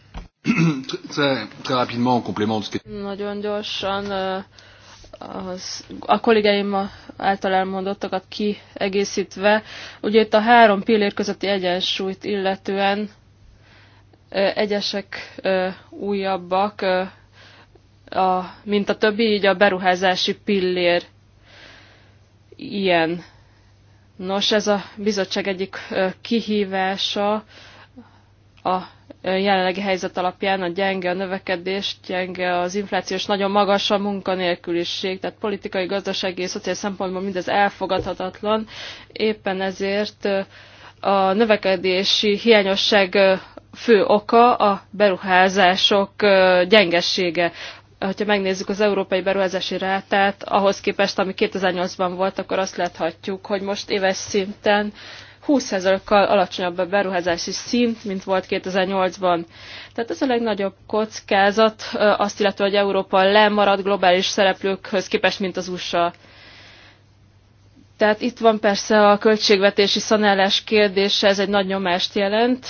Nagyon gyorsan az, a kollégáim által elmondottakat kiegészítve, ugye itt a három pillér közötti egyensúlyt illetően egyesek újabbak, a, mint a többi, így a beruházási pillér ilyen. Nos, ez a bizottság egyik kihívása a jelenlegi helyzet alapján a gyenge a növekedés, gyenge az infláció, és nagyon magas a munkanélküliség, tehát politikai, gazdasági és szociális szempontból mindez elfogadhatatlan. Éppen ezért a növekedési hiányosság fő oka a beruházások gyengessége ha megnézzük az európai beruházási rátát, ahhoz képest, ami 2008-ban volt, akkor azt láthatjuk, hogy most éves szinten 20%-kal alacsonyabb a beruházási szint, mint volt 2008-ban. Tehát ez a legnagyobb kockázat, azt illetve, hogy Európa lemarad globális szereplőkhöz képest, mint az USA. Tehát itt van persze a költségvetési szanálás kérdése, ez egy nagy nyomást jelent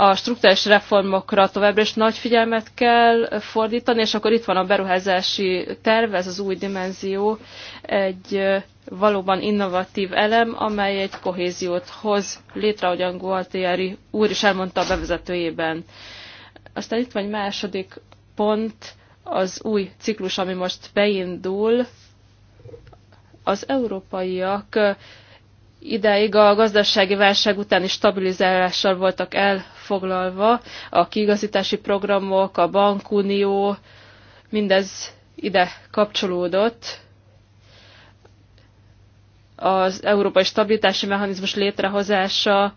a struktúrális reformokra továbbra is nagy figyelmet kell fordítani, és akkor itt van a beruházási terv, ez az új dimenzió, egy valóban innovatív elem, amely egy kohéziót hoz létre, ahogyan Gualtieri úr is elmondta a bevezetőjében. Aztán itt van egy második pont, az új ciklus, ami most beindul, az európaiak ideig a gazdasági válság utáni stabilizálással voltak el foglalva, a kiigazítási programok, a bankunió, mindez ide kapcsolódott. Az Európai Stabilitási Mechanizmus létrehozása.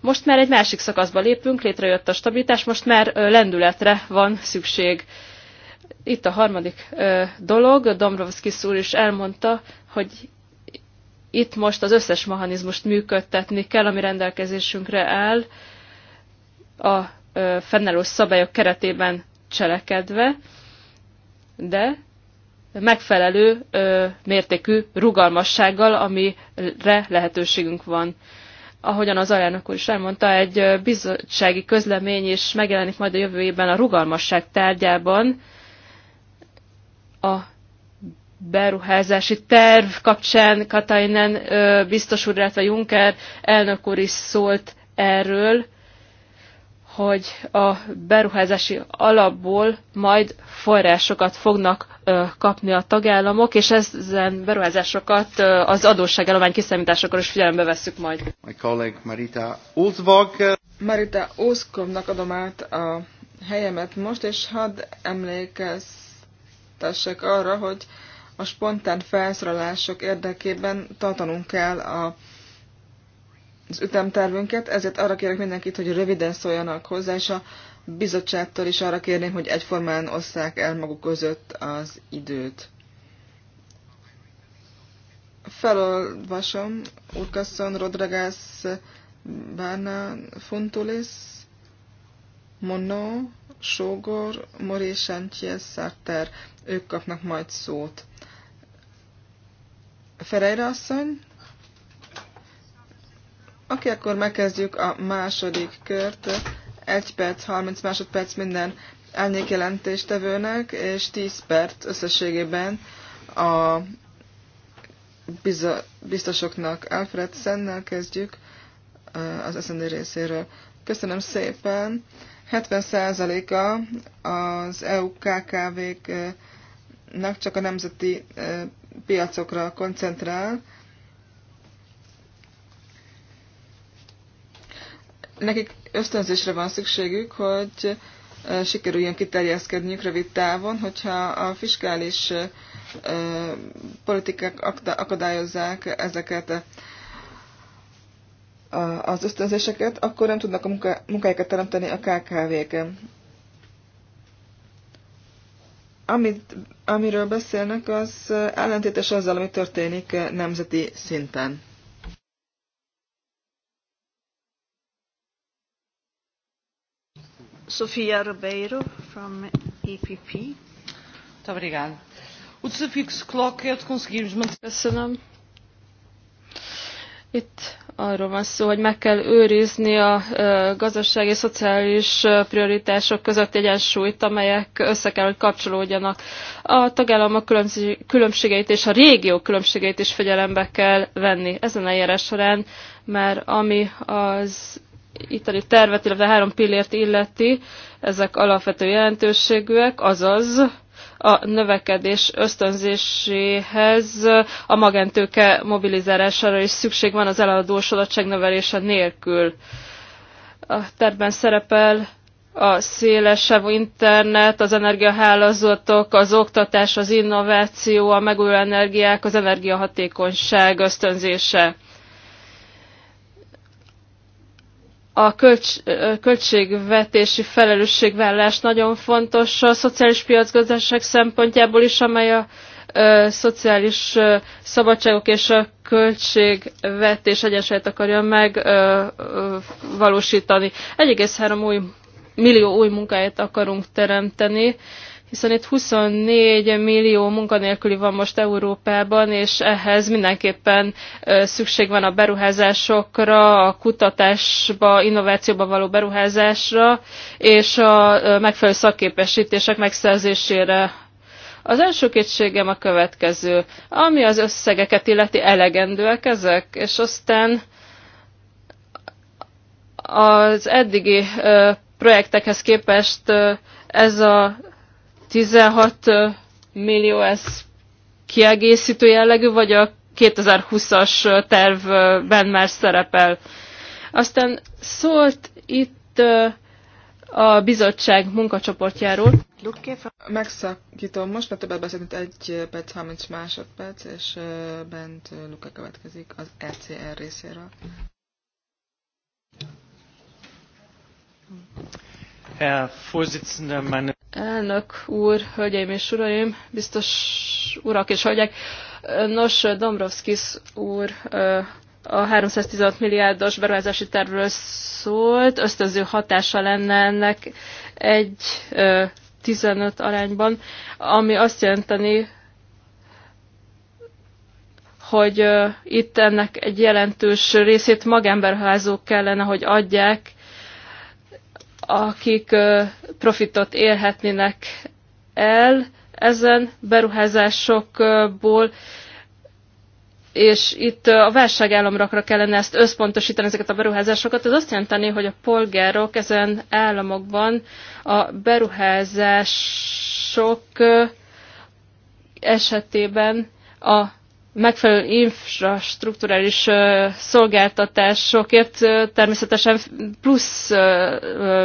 Most már egy másik szakaszba lépünk, létrejött a stabilitás, most már lendületre van szükség. Itt a harmadik dolog, Dombrovskis úr is elmondta, hogy itt most az összes mechanizmust működtetni kell, ami rendelkezésünkre áll, a fennálló szabályok keretében cselekedve, de megfelelő mértékű rugalmassággal, amire lehetőségünk van. Ahogyan az alelnök úr is elmondta, egy bizottsági közlemény is megjelenik majd a jövő évben a rugalmasság tárgyában. A beruházási terv kapcsán Katainen biztos úr, illetve Juncker elnök úr is szólt erről, hogy a beruházási alapból majd forrásokat fognak kapni a tagállamok, és ezen beruházásokat az adósságállomány kiszámításakor is figyelembe vesszük majd. My colleague Marita Ulzvag. Marita Ulzkomnak adom át a helyemet most, és hadd emlékeztessek arra, hogy a spontán felszólalások érdekében tartanunk kell a az ütemtervünket, ezért arra kérek mindenkit, hogy röviden szóljanak hozzá, és a bizottságtól is arra kérném, hogy egyformán osszák el maguk között az időt. Felolvasom Urkasson, Rodriguez, Bárna, Funtulis, Mono, Sógor, Moré, Sánchez, Sarter. Ők kapnak majd szót. Ferejre asszony, Oké, akkor megkezdjük a második kört. 1 perc, 30 másodperc minden jelentéstevőnek és 10 perc összességében a biztosoknak. Alfred Szennel kezdjük eh, az SND részéről. Köszönöm szépen! 70%-a az EU KKV-knak csak a nemzeti eh, piacokra koncentrál, nekik ösztönzésre van szükségük, hogy sikerüljön kiterjeszkedniük rövid távon, hogyha a fiskális politikák akadályozzák ezeket az ösztönzéseket, akkor nem tudnak a munka, munkáikat teremteni a KKV-k. Amit, amiről beszélnek, az ellentétes azzal, ami történik nemzeti szinten. Sofia Ribeiro, from EPP. Muito obrigada. O desafio que se coloca é de conseguirmos manter... Köszönöm. Itt arról van szó, hogy meg kell őrizni a gazdasági és szociális prioritások között egyensúlyt, amelyek össze kell, hogy kapcsolódjanak. A tagállamok különbségeit és a régió különbségeit is figyelembe kell venni ezen a során, mert ami az itteni tervet, illetve három pillért illeti, ezek alapvető jelentőségűek, azaz a növekedés ösztönzéséhez a magentőke mobilizálására is szükség van az eladósodottság növelése nélkül. A tervben szerepel a szélesebb internet, az energiahálózatok, az oktatás, az innováció, a megújuló energiák, az energiahatékonyság ösztönzése. a költs, költségvetési felelősségvállás nagyon fontos a szociális piacgazdaság szempontjából is, amely a ö, szociális ö, szabadságok és a költségvetés egyensúlyt akarja megvalósítani. 1,3 új, millió új munkáját akarunk teremteni, hiszen itt 24 millió munkanélküli van most Európában, és ehhez mindenképpen szükség van a beruházásokra, a kutatásba, innovációba való beruházásra, és a megfelelő szakképesítések megszerzésére. Az első kétségem a következő. Ami az összegeket illeti, elegendőek ezek? És aztán az eddigi projektekhez képest ez a 16 millió ez kiegészítő jellegű, vagy a 2020-as tervben már szerepel. Aztán szólt itt a bizottság munkacsoportjáról. Megszakítom most, mert többet beszélünk, egy perc, 30 másodperc, és bent Luka következik az ECR részéről. Elnök úr, hölgyeim és uraim, biztos urak és hölgyek. Nos, Dombrovskis úr a 316 milliárdos beruházási tervről szólt, ösztöző hatása lenne ennek egy 15 arányban, ami azt jelenteni, hogy itt ennek egy jelentős részét magánberházók kellene, hogy adják, akik profitot élhetnének el ezen beruházásokból, és itt a válságállamokra kellene ezt összpontosítani, ezeket a beruházásokat. Ez azt jelenteni, hogy a polgárok ezen államokban a beruházások esetében a megfelelő infrastruktúrális szolgáltatásokért természetesen plusz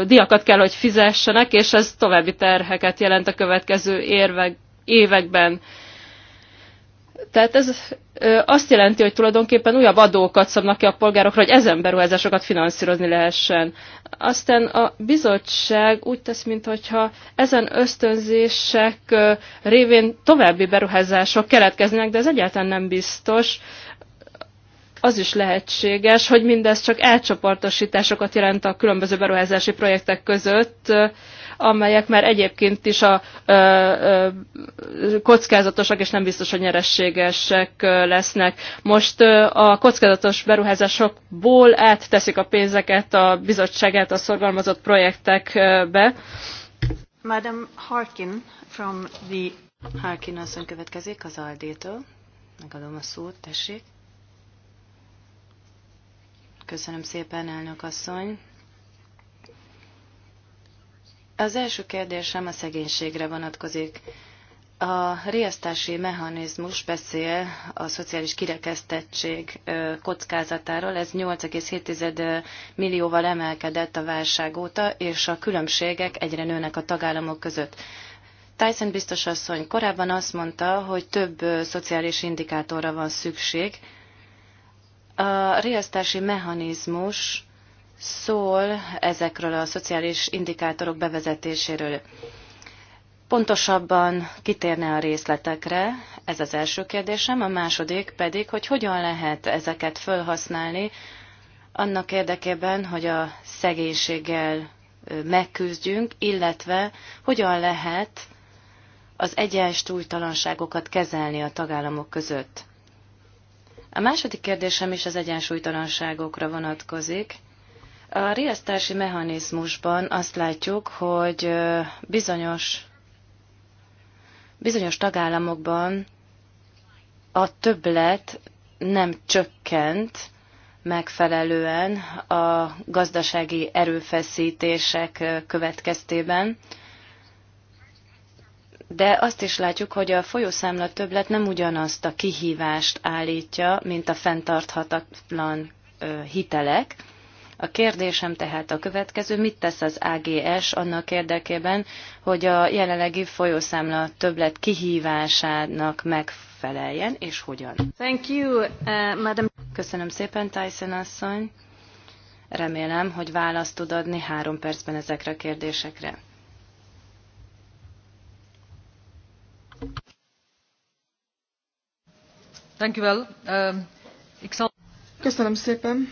diakat kell, hogy fizessenek, és ez további terheket jelent a következő érvek, években. Tehát ez azt jelenti, hogy tulajdonképpen újabb adókat szabnak ki a polgárokra, hogy ezen beruházásokat finanszírozni lehessen. Aztán a bizottság úgy tesz, mintha ezen ösztönzések révén további beruházások keletkeznek, de ez egyáltalán nem biztos. Az is lehetséges, hogy mindez csak elcsoportosításokat jelent a különböző beruházási projektek között, amelyek már egyébként is a ö, ö, kockázatosak és nem biztos, hogy nyerességesek lesznek. Most ö, a kockázatos beruházásokból átteszik a pénzeket a bizottságát a szorgalmazott projektekbe. Madam Harkin from the Harkin asszony következik az Aldétől. Megadom a szót, tessék. Köszönöm szépen, elnök asszony. Az első kérdésem a szegénységre vonatkozik. A riasztási mechanizmus beszél a szociális kirekesztettség kockázatáról. Ez 8,7 millióval emelkedett a válság óta, és a különbségek egyre nőnek a tagállamok között. Tyson biztos asszony korábban azt mondta, hogy több szociális indikátorra van szükség. A riasztási mechanizmus szól ezekről a szociális indikátorok bevezetéséről. Pontosabban kitérne a részletekre, ez az első kérdésem, a második pedig, hogy hogyan lehet ezeket felhasználni annak érdekében, hogy a szegénységgel megküzdjünk, illetve hogyan lehet az egyensúlytalanságokat kezelni a tagállamok között. A második kérdésem is az egyensúlytalanságokra vonatkozik. A riasztási mechanizmusban azt látjuk, hogy bizonyos, bizonyos tagállamokban a többlet nem csökkent megfelelően a gazdasági erőfeszítések következtében, de azt is látjuk, hogy a folyószámla többlet nem ugyanazt a kihívást állítja, mint a fenntarthatatlan hitelek, a kérdésem tehát a következő, mit tesz az AGS annak érdekében, hogy a jelenlegi folyószámla többlet kihívásának megfeleljen, és hogyan? Thank you, uh, madam. Köszönöm szépen, Tyson asszony. Remélem, hogy választ tud adni három percben ezekre a kérdésekre. Um, Köszönöm szépen.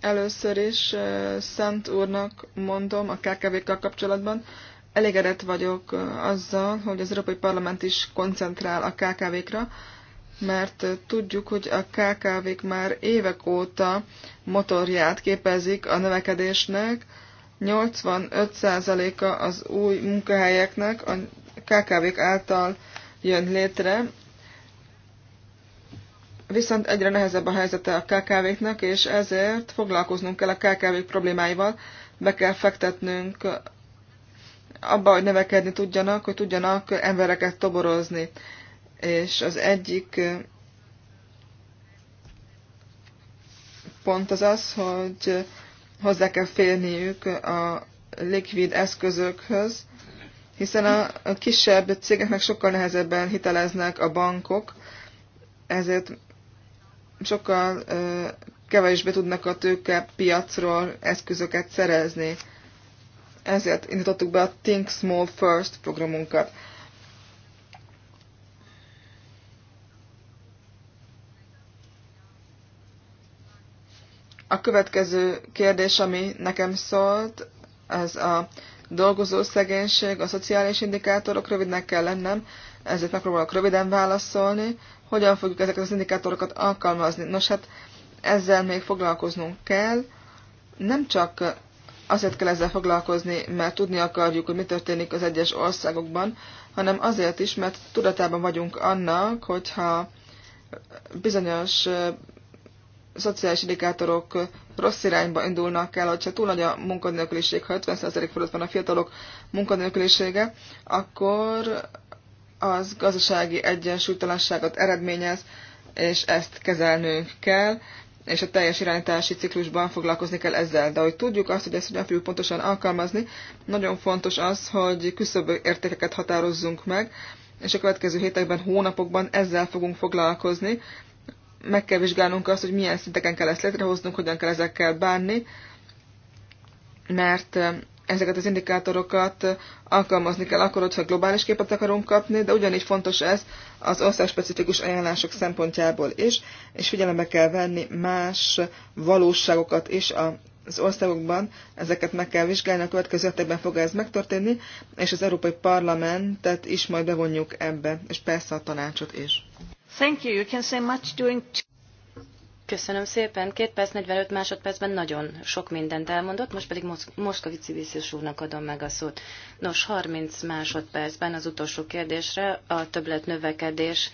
Először is Szent úrnak mondom a KKV-kkal kapcsolatban, elégedett vagyok azzal, hogy az Európai Parlament is koncentrál a KKV-kra, mert tudjuk, hogy a KKV-k már évek óta motorját képezik a növekedésnek, 85%-a az új munkahelyeknek a KKV-k által jön létre, Viszont egyre nehezebb a helyzete a KKV-knak, és ezért foglalkoznunk kell a kkv problémáival, be kell fektetnünk abba, hogy nevekedni tudjanak, hogy tudjanak embereket toborozni. És az egyik pont az az, hogy hozzá kell férniük a likvid eszközökhöz, hiszen a kisebb cégeknek sokkal nehezebben hiteleznek a bankok, ezért sokkal kevésbé tudnak a tőkepiacról eszközöket szerezni. Ezért indítottuk be a Think Small First programunkat. A következő kérdés, ami nekem szólt, ez a dolgozó szegénység, a szociális indikátorok, rövidnek kell lennem, ezért megpróbálok röviden válaszolni hogyan fogjuk ezeket az indikátorokat alkalmazni. Nos, hát ezzel még foglalkoznunk kell. Nem csak azért kell ezzel foglalkozni, mert tudni akarjuk, hogy mi történik az egyes országokban, hanem azért is, mert tudatában vagyunk annak, hogyha bizonyos szociális indikátorok rossz irányba indulnak el, hogyha túl nagy a munkanélküliség, ha 50% fölött van a fiatalok munkanélkülisége, akkor az gazdasági egyensúlytalanságot eredményez, és ezt kezelnünk kell, és a teljes irányítási ciklusban foglalkozni kell ezzel. De hogy tudjuk azt, hogy ezt hogyan fogjuk pontosan alkalmazni, nagyon fontos az, hogy küszöbb értékeket határozzunk meg, és a következő hétekben, hónapokban ezzel fogunk foglalkozni. Meg kell vizsgálnunk azt, hogy milyen szinteken kell ezt létrehoznunk, hogyan kell ezekkel bánni, mert ezeket az indikátorokat alkalmazni kell akkor, hogyha globális képet akarunk kapni, de ugyanígy fontos ez az országspecifikus ajánlások szempontjából is, és figyelembe kell venni más valóságokat is az országokban, ezeket meg kell vizsgálni, a következő hetekben fog ez megtörténni, és az Európai Parlamentet is majd bevonjuk ebbe, és persze a tanácsot is. Thank you. You can say much during Köszönöm szépen. Két perc, 45 másodpercben nagyon sok mindent elmondott, most pedig Moszkovici Viszis úrnak adom meg a szót. Nos, 30 másodpercben az utolsó kérdésre a többlet növekedés,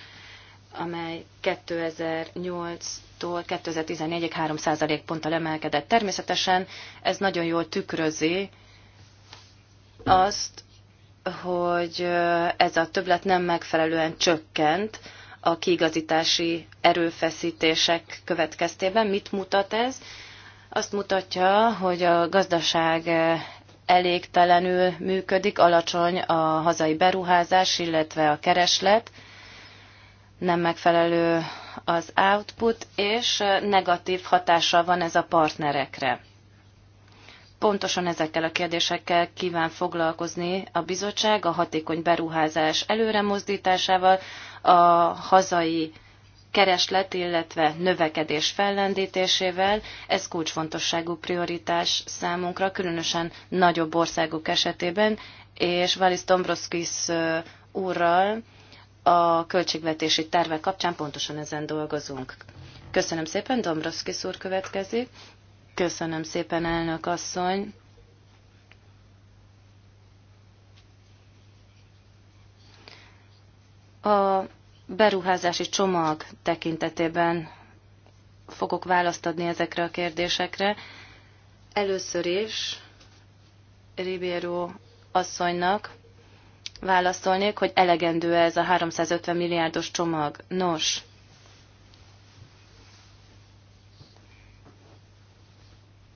amely 2008 tól 2014-ig 3% ponttal emelkedett. Természetesen ez nagyon jól tükrözi azt, hogy ez a többlet nem megfelelően csökkent a kiigazítási erőfeszítések következtében. Mit mutat ez? Azt mutatja, hogy a gazdaság eh, elégtelenül működik, alacsony a hazai beruházás, illetve a kereslet, nem megfelelő az output, és eh, negatív hatással van ez a partnerekre pontosan ezekkel a kérdésekkel kíván foglalkozni a bizottság, a hatékony beruházás előremozdításával, a hazai kereslet, illetve növekedés fellendítésével. Ez kulcsfontosságú prioritás számunkra, különösen nagyobb országok esetében, és Valis Dombrovskis úrral a költségvetési terve kapcsán pontosan ezen dolgozunk. Köszönöm szépen, Dombrovskis úr következik. Köszönöm szépen, elnök asszony. A beruházási csomag tekintetében fogok választ adni ezekre a kérdésekre. Először is ribéro asszonynak válaszolnék, hogy elegendő -e ez a 350 milliárdos csomag. Nos,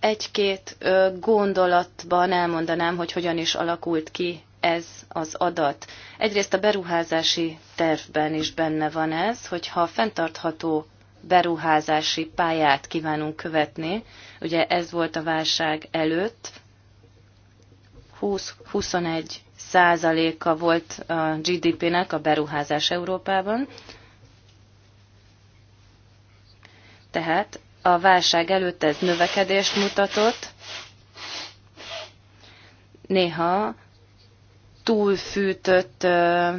egy-két gondolatban elmondanám, hogy hogyan is alakult ki ez az adat. Egyrészt a beruházási tervben is benne van ez, hogyha fenntartható beruházási pályát kívánunk követni, ugye ez volt a válság előtt, 20-21 százaléka volt a GDP-nek a beruházás Európában, tehát a válság előtt ez növekedést mutatott. Néha túlfűtött ö,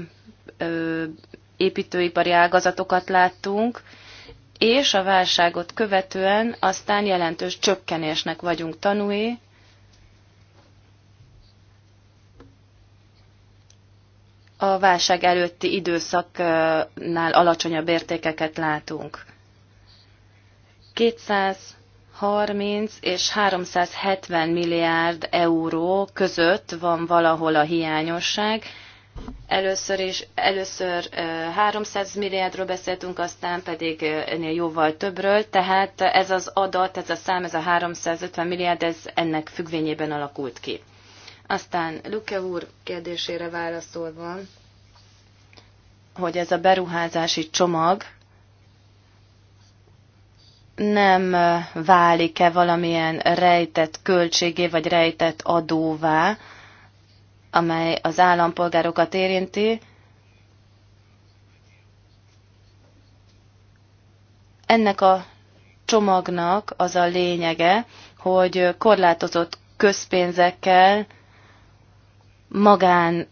ö, építőipari ágazatokat láttunk, és a válságot követően aztán jelentős csökkenésnek vagyunk tanúi. A válság előtti időszaknál alacsonyabb értékeket látunk. 230 és 370 milliárd euró között van valahol a hiányosság. Először is, először 300 milliárdról beszéltünk, aztán pedig ennél jóval többről, tehát ez az adat, ez a szám, ez a 350 milliárd, ez ennek függvényében alakult ki. Aztán Luke úr kérdésére válaszolva, hogy ez a beruházási csomag, nem válik-e valamilyen rejtett költségé vagy rejtett adóvá, amely az állampolgárokat érinti. Ennek a csomagnak az a lényege, hogy korlátozott közpénzekkel magán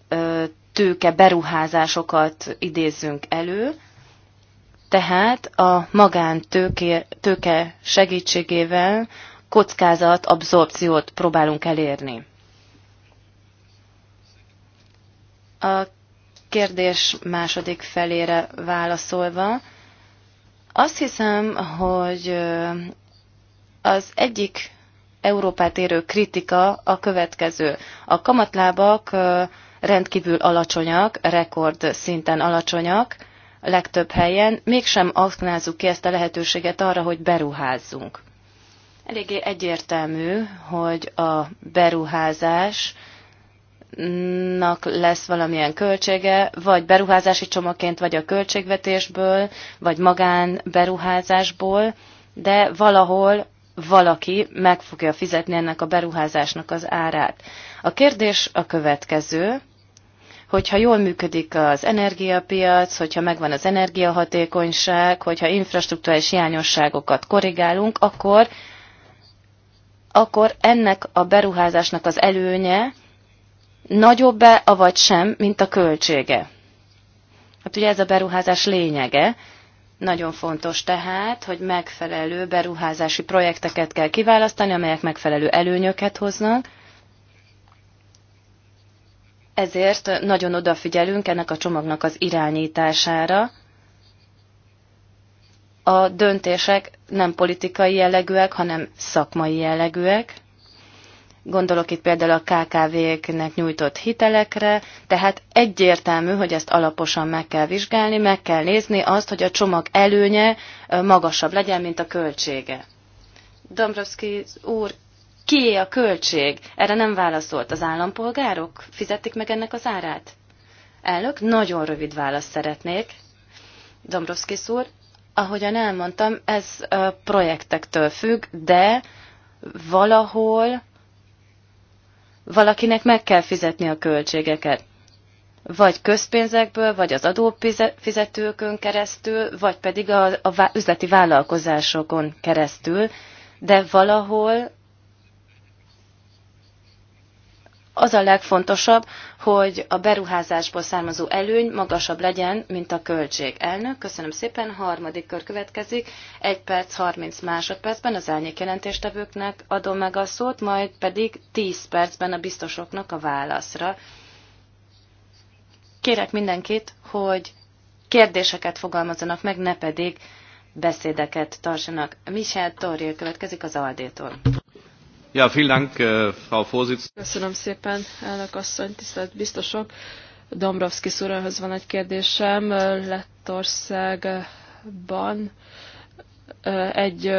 tőke beruházásokat idézzünk elő, tehát a magántőke tőke segítségével kockázat abszorpciót próbálunk elérni. A kérdés második felére válaszolva, azt hiszem, hogy az egyik Európát érő kritika a következő. A kamatlábak rendkívül alacsonyak, rekord szinten alacsonyak, legtöbb helyen, mégsem aknázzuk ki ezt a lehetőséget arra, hogy beruházzunk. Eléggé egyértelmű, hogy a beruházás lesz valamilyen költsége, vagy beruházási csomagként, vagy a költségvetésből, vagy magán beruházásból, de valahol valaki meg fogja fizetni ennek a beruházásnak az árát. A kérdés a következő, hogyha jól működik az energiapiac, hogyha megvan az energiahatékonyság, hogyha infrastruktúrális hiányosságokat korrigálunk, akkor, akkor ennek a beruházásnak az előnye nagyobb-e, avagy sem, mint a költsége. Hát ugye ez a beruházás lényege, nagyon fontos tehát, hogy megfelelő beruházási projekteket kell kiválasztani, amelyek megfelelő előnyöket hoznak, ezért nagyon odafigyelünk ennek a csomagnak az irányítására. A döntések nem politikai jellegűek, hanem szakmai jellegűek. Gondolok itt például a KKV-knek nyújtott hitelekre, tehát egyértelmű, hogy ezt alaposan meg kell vizsgálni, meg kell nézni azt, hogy a csomag előnye magasabb legyen, mint a költsége. Dombrovszki úr Kié a költség? Erre nem válaszolt. Az állampolgárok fizetik meg ennek az árát? Elnök, nagyon rövid választ szeretnék. Dombrovszki úr, ahogyan elmondtam, ez projektektől függ, de valahol valakinek meg kell fizetni a költségeket. Vagy közpénzekből, vagy az adófizetőkön keresztül, vagy pedig a, a üzleti vállalkozásokon keresztül, de valahol az a legfontosabb, hogy a beruházásból származó előny magasabb legyen, mint a költség. Elnök, köszönöm szépen, harmadik kör következik. Egy perc 30 másodpercben az elnyék jelentéstevőknek adom meg a szót, majd pedig 10 percben a biztosoknak a válaszra. Kérek mindenkit, hogy kérdéseket fogalmazzanak meg, ne pedig beszédeket tartsanak. Michel Torrier következik az Aldétól. Ja, vielen Dank, äh, Frau Vorsitzende. Köszönöm szépen, elnök asszony, tisztelt biztosok. Dombrovski szurahoz van egy kérdésem. Lettországban egy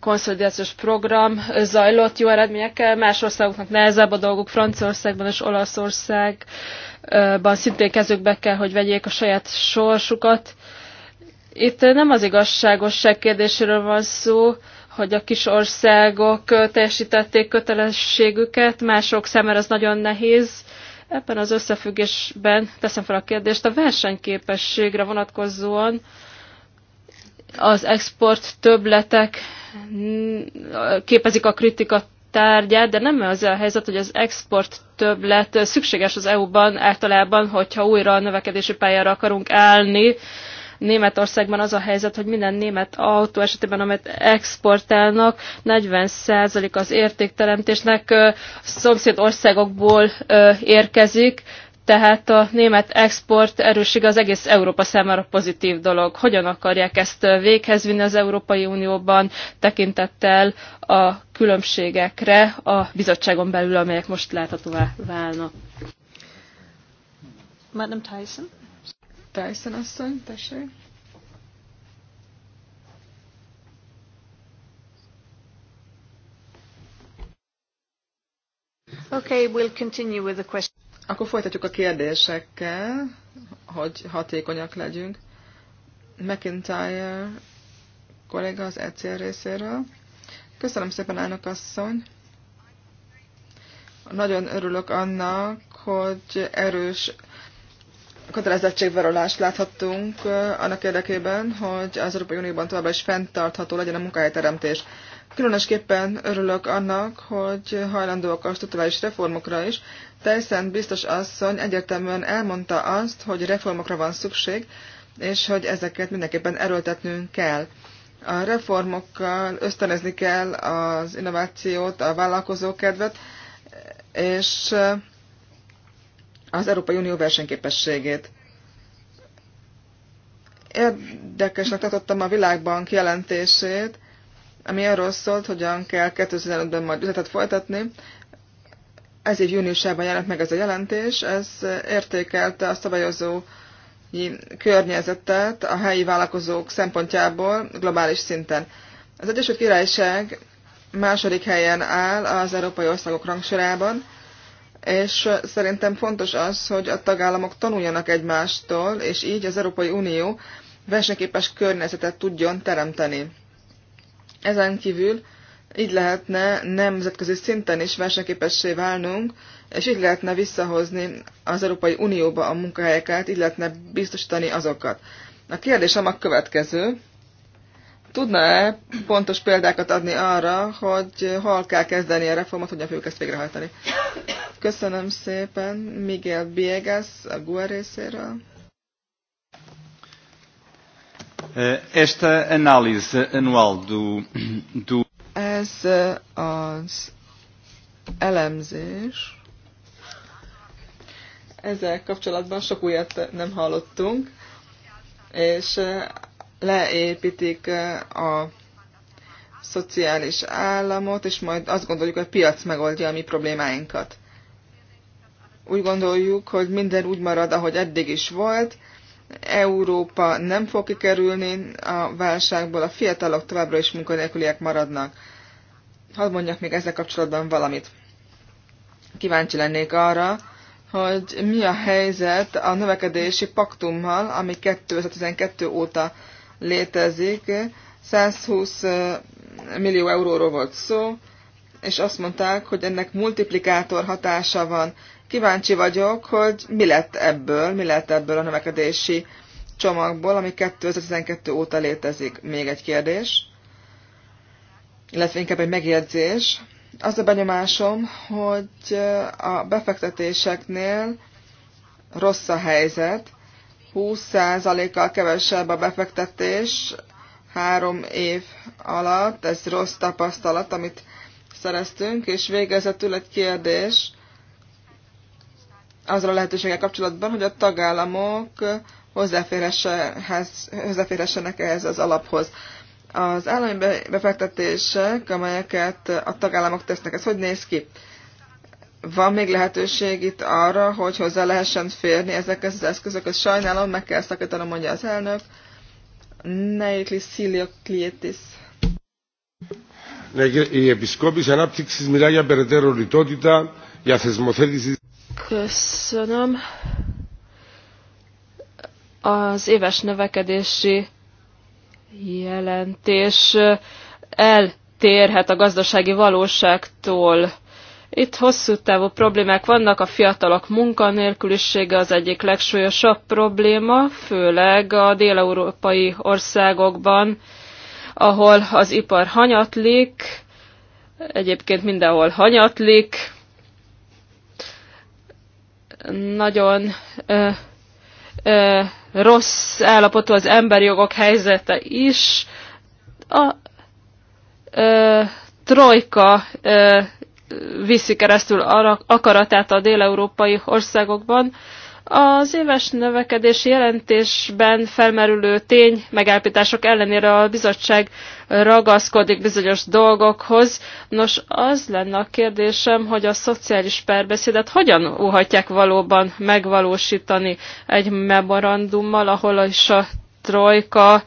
konszolidációs program zajlott jó eredményekkel, más országoknak nehezebb a dolguk, Franciaországban és Olaszországban szintén kezükbe kell, hogy vegyék a saját sorsukat. Itt nem az igazságosság kérdéséről van szó, hogy a kis országok teljesítették kötelességüket, mások szemben az nagyon nehéz. Ebben az összefüggésben teszem fel a kérdést a versenyképességre vonatkozóan az export többletek képezik a kritika tárgyát, de nem az a helyzet, hogy az export többlet szükséges az EU-ban általában, hogyha újra a növekedési pályára akarunk állni, Németországban az a helyzet, hogy minden német autó esetében, amit exportálnak, 40% az értékteremtésnek szomszéd országokból érkezik, tehát a német export erőssége az egész Európa számára pozitív dolog. Hogyan akarják ezt véghez vinni az Európai Unióban tekintettel a különbségekre a bizottságon belül, amelyek most láthatóvá válnak? Madam Tyson. Tyson asszony, tessék. Okay, we'll continue with the question. Akkor folytatjuk a kérdésekkel, hogy hatékonyak legyünk. McIntyre kolléga az ECR részéről. Köszönöm szépen, elnök asszony. Nagyon örülök annak, hogy erős kötelezettségvállalást láthattunk eh, annak érdekében, hogy az Európai Unióban továbbra is fenntartható legyen a munkahelyteremtés. Különösképpen örülök annak, hogy hajlandóak a struktúrális reformokra is. Tyson biztos asszony egyértelműen elmondta azt, hogy reformokra van szükség, és hogy ezeket mindenképpen erőltetnünk kell. A reformokkal ösztönözni kell az innovációt, a vállalkozókedvet, és eh, az Európai Unió versenyképességét. Érdekesnek tartottam a Világbank jelentését, ami arról szólt, hogyan kell 2015-ben majd üzletet folytatni. Ez év júniusában jelent meg ez a jelentés, ez értékelte a szabályozó környezetet a helyi vállalkozók szempontjából globális szinten. Az Egyesült Királyság második helyen áll az európai országok rangsorában, és szerintem fontos az, hogy a tagállamok tanuljanak egymástól, és így az Európai Unió versenyképes környezetet tudjon teremteni. Ezen kívül így lehetne nemzetközi szinten is versenyképessé válnunk, és így lehetne visszahozni az Európai Unióba a munkahelyeket, így lehetne biztosítani azokat. A kérdésem a következő. Tudna-e pontos példákat adni arra, hogy hol kell kezdeni a reformot, hogyan fogjuk ezt végrehajtani? Köszönöm szépen Miguel Biegas a GUA részéről. Eh, esta análise anual do, do... Ez eh, az elemzés. Ezzel kapcsolatban sok újat nem hallottunk, és eh, leépítik a szociális államot, és majd azt gondoljuk, hogy a piac megoldja a mi problémáinkat. Úgy gondoljuk, hogy minden úgy marad, ahogy eddig is volt. Európa nem fog kikerülni a válságból, a fiatalok továbbra is munkanélküliek maradnak. Hadd mondjak még ezzel kapcsolatban valamit. Kíváncsi lennék arra, hogy mi a helyzet a növekedési paktummal, ami 2012 óta létezik. 120 millió euróról volt szó, és azt mondták, hogy ennek multiplikátor hatása van. Kíváncsi vagyok, hogy mi lett ebből, mi lett ebből a növekedési csomagból, ami 2012 óta létezik. Még egy kérdés, illetve inkább egy megjegyzés. Az a benyomásom, hogy eh, a befektetéseknél rossz a helyzet, 20%-kal kevesebb a befektetés három év alatt, ez rossz tapasztalat, amit szereztünk, és végezetül egy kérdés, azzal a lehetőséggel kapcsolatban, hogy a tagállamok hozzáférhessenek ehhez az alaphoz. Az állami befektetések, amelyeket a tagállamok tesznek, ez hogy néz ki? Van még lehetőség itt arra, hogy hozzá lehessen férni ezekhez az eszközökhez? Sajnálom, meg kell szakítanom, mondja az elnök. Neiklis Szilio Klietis. Η Επισκόπηση Ανάπτυξης μιλά για περαιτέρω λιτότητα, για θεσμοθέτηση Köszönöm. Az éves növekedési jelentés eltérhet a gazdasági valóságtól. Itt hosszú távú problémák vannak, a fiatalok munkanélkülisége az egyik legsúlyosabb probléma, főleg a déleurópai országokban, ahol az ipar hanyatlik, egyébként mindenhol hanyatlik, nagyon ö, ö, rossz állapotú az emberi jogok helyzete is. A ö, trojka ö, viszi keresztül akaratát a déleurópai országokban. Ö, az éves növekedési jelentésben felmerülő tény megállapítások ellenére a bizottság ragaszkodik bizonyos dolgokhoz. Nos, az lenne a kérdésem, hogy a szociális párbeszédet hogyan óhatják valóban megvalósítani egy memorandummal, ahol is a trojka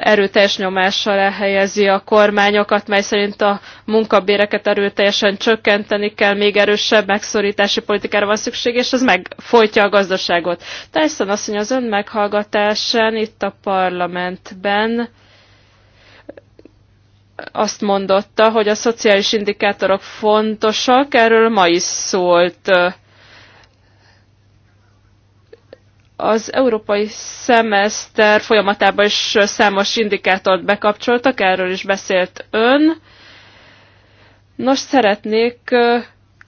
erőteljes nyomással elhelyezi a kormányokat, mely szerint a munkabéreket erőteljesen csökkenteni kell, még erősebb megszorítási politikára van szükség, és ez megfolytja a gazdaságot. Tyson azt mondja, az ön meghallgatásán itt a parlamentben azt mondotta, hogy a szociális indikátorok fontosak, erről ma is szólt az európai szemeszter folyamatában is számos indikátort bekapcsoltak, erről is beszélt ön. Nos, szeretnék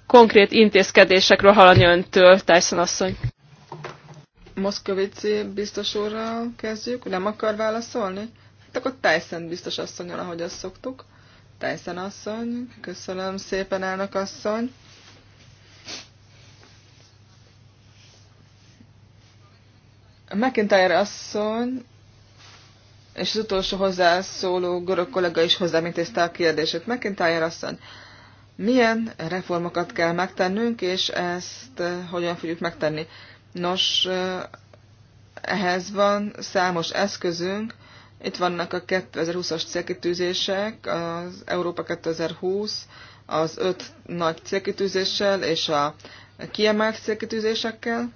konkrét intézkedésekről hallani öntől, Tyson asszony. Moszkövici biztos úrral kezdjük, nem akar válaszolni? Hát akkor Tyson biztos asszonyon, ahogy azt szoktuk. Tyson asszony, köszönöm szépen, elnök asszony. McIntyre asszony és az utolsó hozzászóló görög kollega is hozzám intézte a kérdését. McIntyre asszony, milyen reformokat kell megtennünk, és ezt eh, hogyan fogjuk megtenni? Nos, eh, ehhez van számos eszközünk, itt vannak a 2020-as célkitűzések, az Európa 2020, az öt nagy célkitűzéssel és a kiemelt célkitűzésekkel.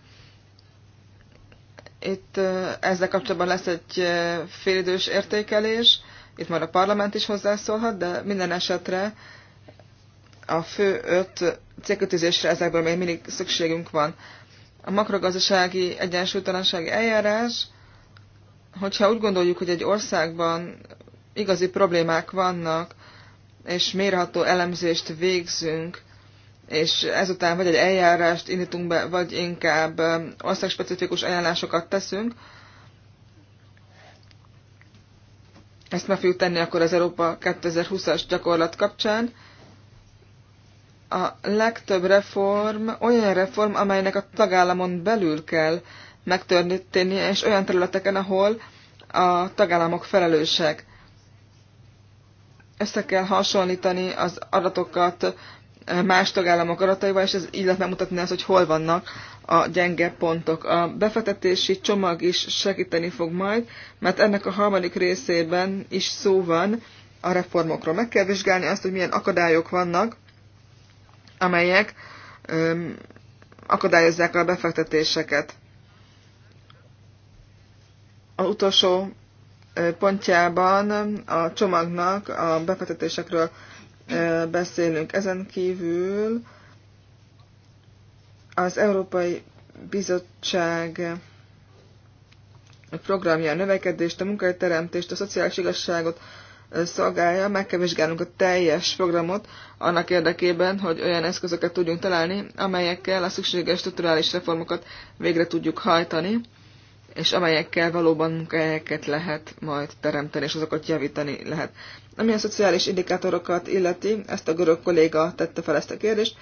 Itt ezzel kapcsolatban lesz egy félidős értékelés, itt már a parlament is hozzászólhat, de minden esetre a fő öt célkötőzésre ezekből még mindig szükségünk van. A makrogazdasági egyensúlytalansági eljárás, hogyha úgy gondoljuk, hogy egy országban igazi problémák vannak, és mérható elemzést végzünk és ezután vagy egy eljárást indítunk be, vagy inkább országspecifikus ajánlásokat teszünk. Ezt meg fogjuk tenni akkor az Európa 2020-as gyakorlat kapcsán. A legtöbb reform olyan reform, amelynek a tagállamon belül kell megtörténnie, és olyan területeken, ahol a tagállamok felelősek. Össze kell hasonlítani az adatokat más tagállamok arataival és ez így lehet megmutatni azt, hogy hol vannak a gyenge pontok. A befektetési csomag is segíteni fog majd, mert ennek a harmadik részében is szó van a reformokról. Meg kell vizsgálni azt, hogy milyen akadályok vannak, amelyek öm, akadályozzák a befektetéseket. Az utolsó pontjában a csomagnak a befektetésekről beszélünk. Ezen kívül az Európai Bizottság programja a növekedést, a munkahelyteremtést, a szociális igazságot szolgálja, meg kell vizsgálnunk a teljes programot annak érdekében, hogy olyan eszközöket tudjunk találni, amelyekkel a szükséges strukturális reformokat végre tudjuk hajtani, és amelyekkel valóban munkahelyeket lehet majd teremteni, és azokat javítani lehet. Ami a szociális indikátorokat illeti, ezt a görög kolléga tette fel ezt a kérdést.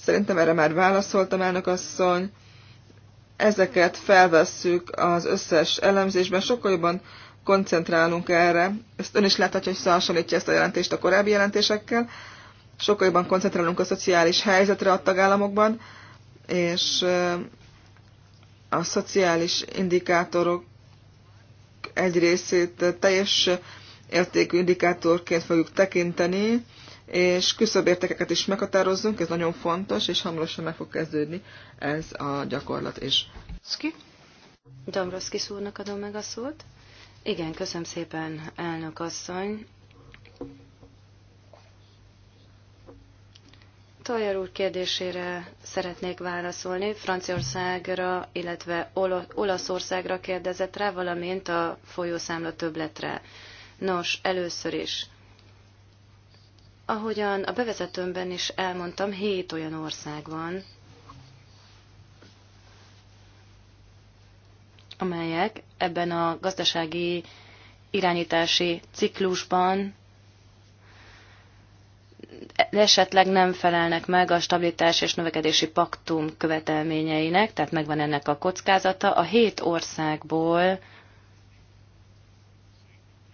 Szerintem erre már válaszoltam, elnök asszony. Ezeket felvesszük az összes elemzésben, sokkal jobban koncentrálunk erre. Ezt ön is láthatja, hogy összehasonlítja ezt a jelentést a korábbi jelentésekkel. Sokkal jobban koncentrálunk a szociális helyzetre a tagállamokban, és a szociális indikátorok egy részét teljes értékű indikátorként fogjuk tekinteni, és küszöbértékeket is meghatározzunk, ez nagyon fontos, és hamarosan meg fog kezdődni ez a gyakorlat is. Szki? Dombroszki szúrnak adom meg a szót. Igen, köszönöm szépen, elnök asszony. Tajer úr kérdésére szeretnék válaszolni. Franciaországra, illetve Olaszországra kérdezett rá, valamint a folyószámla többletre. Nos, először is, ahogyan a bevezetőmben is elmondtam, hét olyan ország van, amelyek ebben a gazdasági irányítási ciklusban esetleg nem felelnek meg a stabilitás és növekedési paktum követelményeinek, tehát megvan ennek a kockázata. A hét országból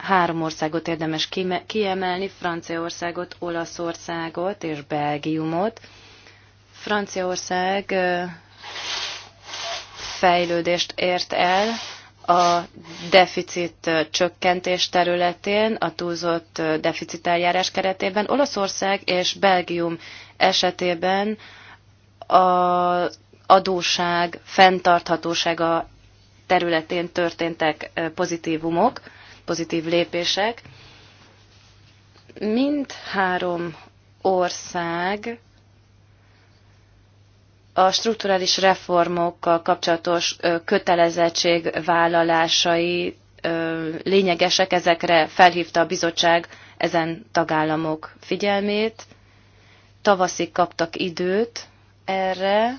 Három országot érdemes kiemelni, Franciaországot, Olaszországot és Belgiumot. Franciaország fejlődést ért el a deficit csökkentés területén, a túlzott deficit eljárás keretében. Olaszország és Belgium esetében az adóság fenntarthatósága területén történtek pozitívumok pozitív lépések. Mind három ország a strukturális reformokkal kapcsolatos kötelezettségvállalásai lényegesek, ezekre felhívta a bizottság ezen tagállamok figyelmét. Tavaszig kaptak időt erre,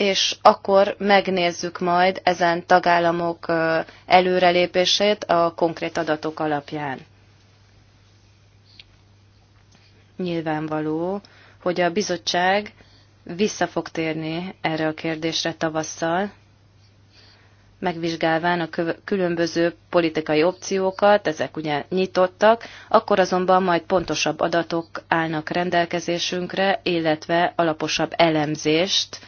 és akkor megnézzük majd ezen tagállamok előrelépését a konkrét adatok alapján. Nyilvánvaló, hogy a bizottság vissza fog térni erre a kérdésre tavasszal, megvizsgálván a különböző politikai opciókat, ezek ugye nyitottak, akkor azonban majd pontosabb adatok állnak rendelkezésünkre, illetve alaposabb elemzést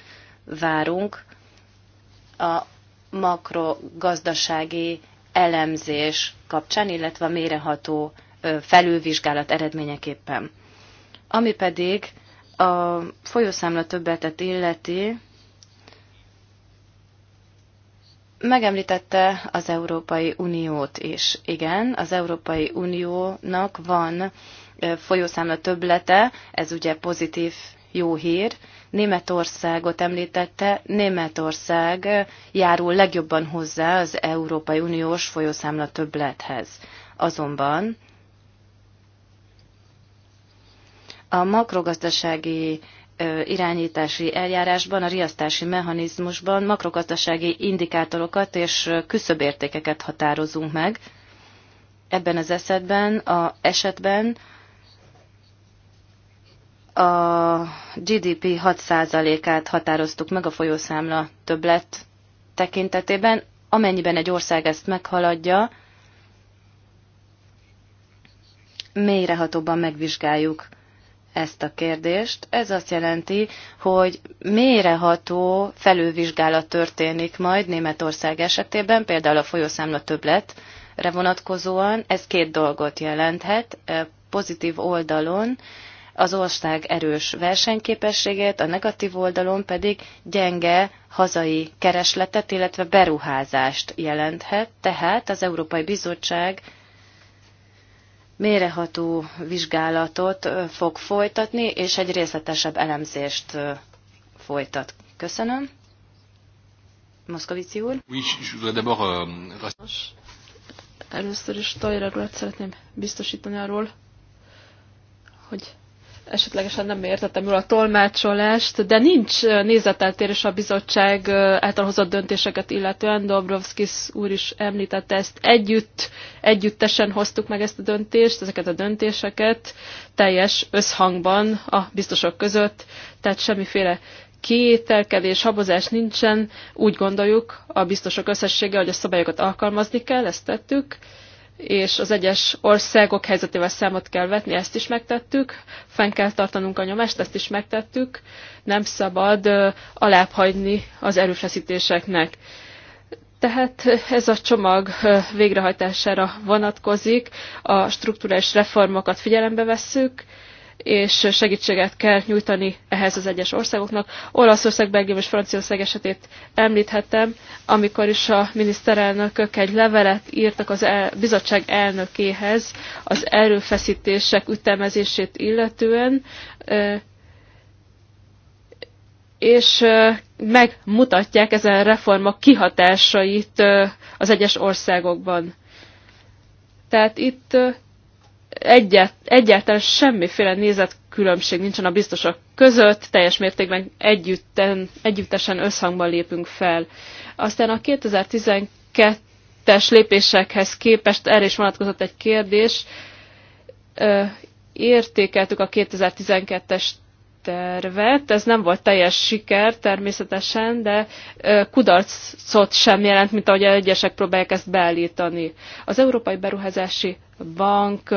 várunk a makrogazdasági elemzés kapcsán, illetve a méreható felülvizsgálat eredményeképpen. Ami pedig a folyószámla többetet illeti, megemlítette az Európai Uniót is. Igen, az Európai Uniónak van folyószámla többlete, ez ugye pozitív jó hír, Németországot említette. Németország járul legjobban hozzá az Európai Uniós folyószámla többlethez. Azonban a makrogazdasági irányítási eljárásban, a riasztási mechanizmusban makrogazdasági indikátorokat és küszöbértékeket határozunk meg. Ebben az esetben, a esetben a GDP 6%-át határoztuk meg a folyószámla többlet tekintetében. Amennyiben egy ország ezt meghaladja, mélyrehatóban megvizsgáljuk ezt a kérdést. Ez azt jelenti, hogy mélyreható felülvizsgálat történik majd Németország esetében, például a folyószámla többletre vonatkozóan. Ez két dolgot jelenthet. Pozitív oldalon az ország erős versenyképességét, a negatív oldalon pedig gyenge hazai keresletet, illetve beruházást jelenthet, tehát az Európai Bizottság méreható vizsgálatot fog folytatni, és egy részletesebb elemzést folytat. Köszönöm. Moszkovici úr. Euh, először is Tajra szeretném biztosítani arról, hogy esetlegesen nem értettem jól a tolmácsolást, de nincs nézeteltérés a bizottság által hozott döntéseket illetően. Dobrovskis úr is említette ezt. Együtt, együttesen hoztuk meg ezt a döntést, ezeket a döntéseket teljes összhangban a biztosok között, tehát semmiféle kételkedés, habozás nincsen. Úgy gondoljuk, a biztosok összessége, hogy a szabályokat alkalmazni kell, ezt tettük, és az egyes országok helyzetével számot kell vetni, ezt is megtettük, fenn kell tartanunk a nyomást, ezt is megtettük, nem szabad alábbhagyni az erőfeszítéseknek. Tehát ez a csomag végrehajtására vonatkozik, a strukturális reformokat figyelembe vesszük, és segítséget kell nyújtani ehhez az egyes országoknak. Olaszország, Belgium és Franciaország esetét említhettem, amikor is a miniszterelnökök egy levelet írtak az el, bizottság elnökéhez az erőfeszítések ütemezését illetően, és megmutatják ezen reformok kihatásait az egyes országokban. Tehát itt egyet, egyáltalán semmiféle nézetkülönbség nincsen a biztosok között, teljes mértékben együtten, együttesen összhangban lépünk fel. Aztán a 2012-es lépésekhez képest erre is vonatkozott egy kérdés. Értékeltük a 2012-es tervet. Ez nem volt teljes siker természetesen, de kudarcot sem jelent, mint ahogy egyesek próbálják ezt beállítani. Az Európai Beruházási Bank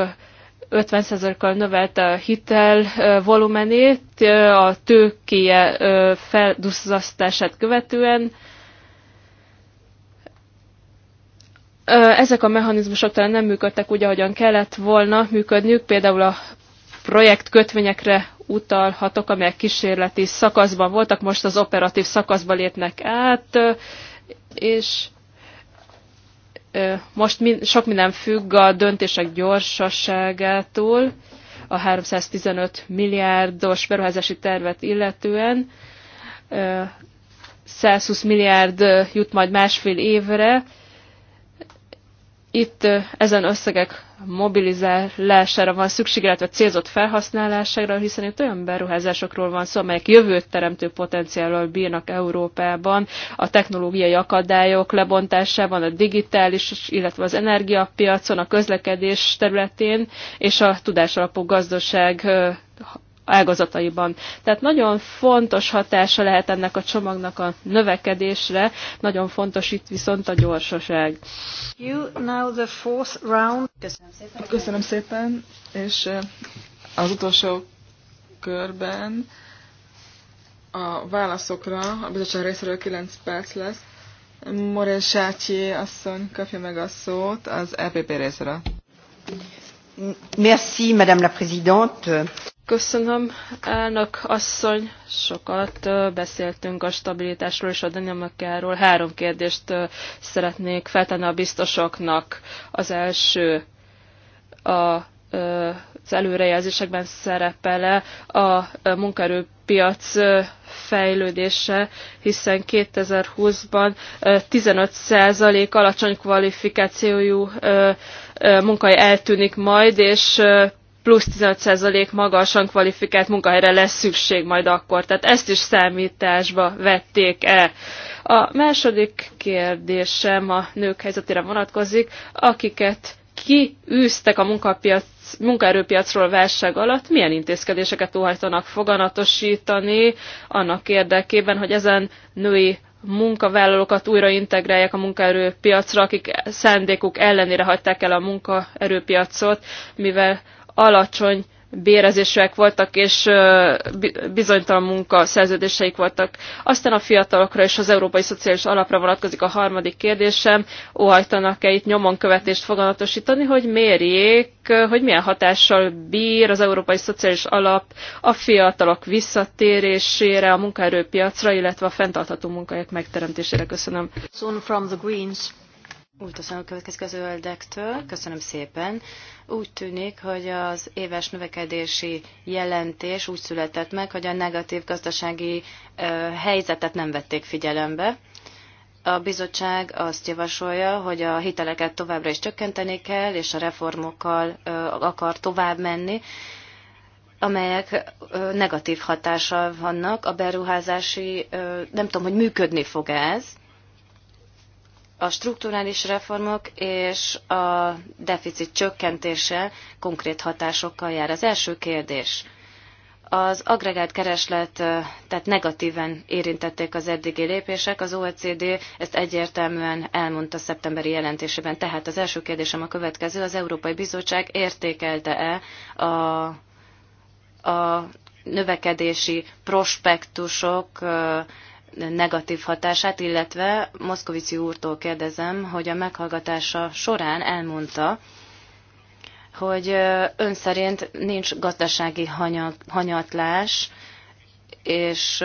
50%-kal növelte a hitel volumenét, a tőkéje felduzzasztását követően. Ezek a mechanizmusok talán nem működtek úgy, ahogyan kellett volna működniük, például a projektkötvényekre utalhatok, amelyek kísérleti szakaszban voltak, most az operatív szakaszba lépnek át, és most sok minden függ a döntések gyorsaságától, a 315 milliárdos beruházási tervet illetően. 120 milliárd jut majd másfél évre, itt ezen összegek mobilizálására van szükség, illetve célzott felhasználására, hiszen itt olyan beruházásokról van szó, amelyek jövőt teremtő potenciállal bírnak Európában, a technológiai akadályok lebontásában, a digitális, illetve az energiapiacon, a közlekedés területén és a tudásalapú gazdaság ágazataiban. Tehát nagyon fontos hatása lehet ennek a csomagnak a növekedésre, nagyon fontos itt viszont a gyorsaság. You now the fourth round. Köszönöm szépen. Köszönöm szépen, és eh, az utolsó körben a válaszokra, a bizottság részéről 9 perc lesz. Morel Sátyé asszony kapja meg a szót az EPP részéről. Köszönöm, elnök asszony. Sokat beszéltünk a stabilitásról és a dinamikáról. Három kérdést szeretnék feltenni a biztosoknak. Az első a az előrejelzésekben e a munkaerőpiac fejlődése, hiszen 2020-ban 15% alacsony kvalifikációjú munkahely eltűnik majd, és plusz 15% magasan kvalifikált munkahelyre lesz szükség majd akkor. Tehát ezt is számításba vették-e. A második kérdésem a nők helyzetére vonatkozik, akiket kiűztek a munkapiac, munkaerőpiacról válság alatt, milyen intézkedéseket óhajtanak foganatosítani annak érdekében, hogy ezen női munkavállalókat újra integrálják a munkaerőpiacra, akik szándékuk ellenére hagyták el a munkaerőpiacot, mivel alacsony bérezések voltak, és bizonytalan munka szerződéseik voltak. Aztán a fiatalokra és az Európai Szociális Alapra vonatkozik a harmadik kérdésem, óhajtanak-e itt nyomon követést foganatosítani, hogy mérjék, hogy milyen hatással bír az Európai Szociális Alap a fiatalok visszatérésére, a munkaerőpiacra, illetve a fenntartható munkahelyek megteremtésére. Köszönöm. Soon from the Greens. Ultasan a következő zöldektől. Köszönöm szépen. Úgy tűnik, hogy az éves növekedési jelentés úgy született meg, hogy a negatív gazdasági helyzetet nem vették figyelembe. A bizottság azt javasolja, hogy a hiteleket továbbra is csökkenteni kell, és a reformokkal akar tovább menni amelyek negatív hatással vannak a beruházási, nem tudom, hogy működni fog -e ez, a strukturális reformok és a deficit csökkentése konkrét hatásokkal jár. Az első kérdés. Az agregált kereslet, tehát negatíven érintették az eddigi lépések, az OECD ezt egyértelműen elmondta szeptemberi jelentésében. Tehát az első kérdésem a következő, az Európai Bizottság értékelte-e a, a növekedési prospektusok negatív hatását, illetve Moszkovici úrtól kérdezem, hogy a meghallgatása során elmondta, hogy ön szerint nincs gazdasági hanyatlás, és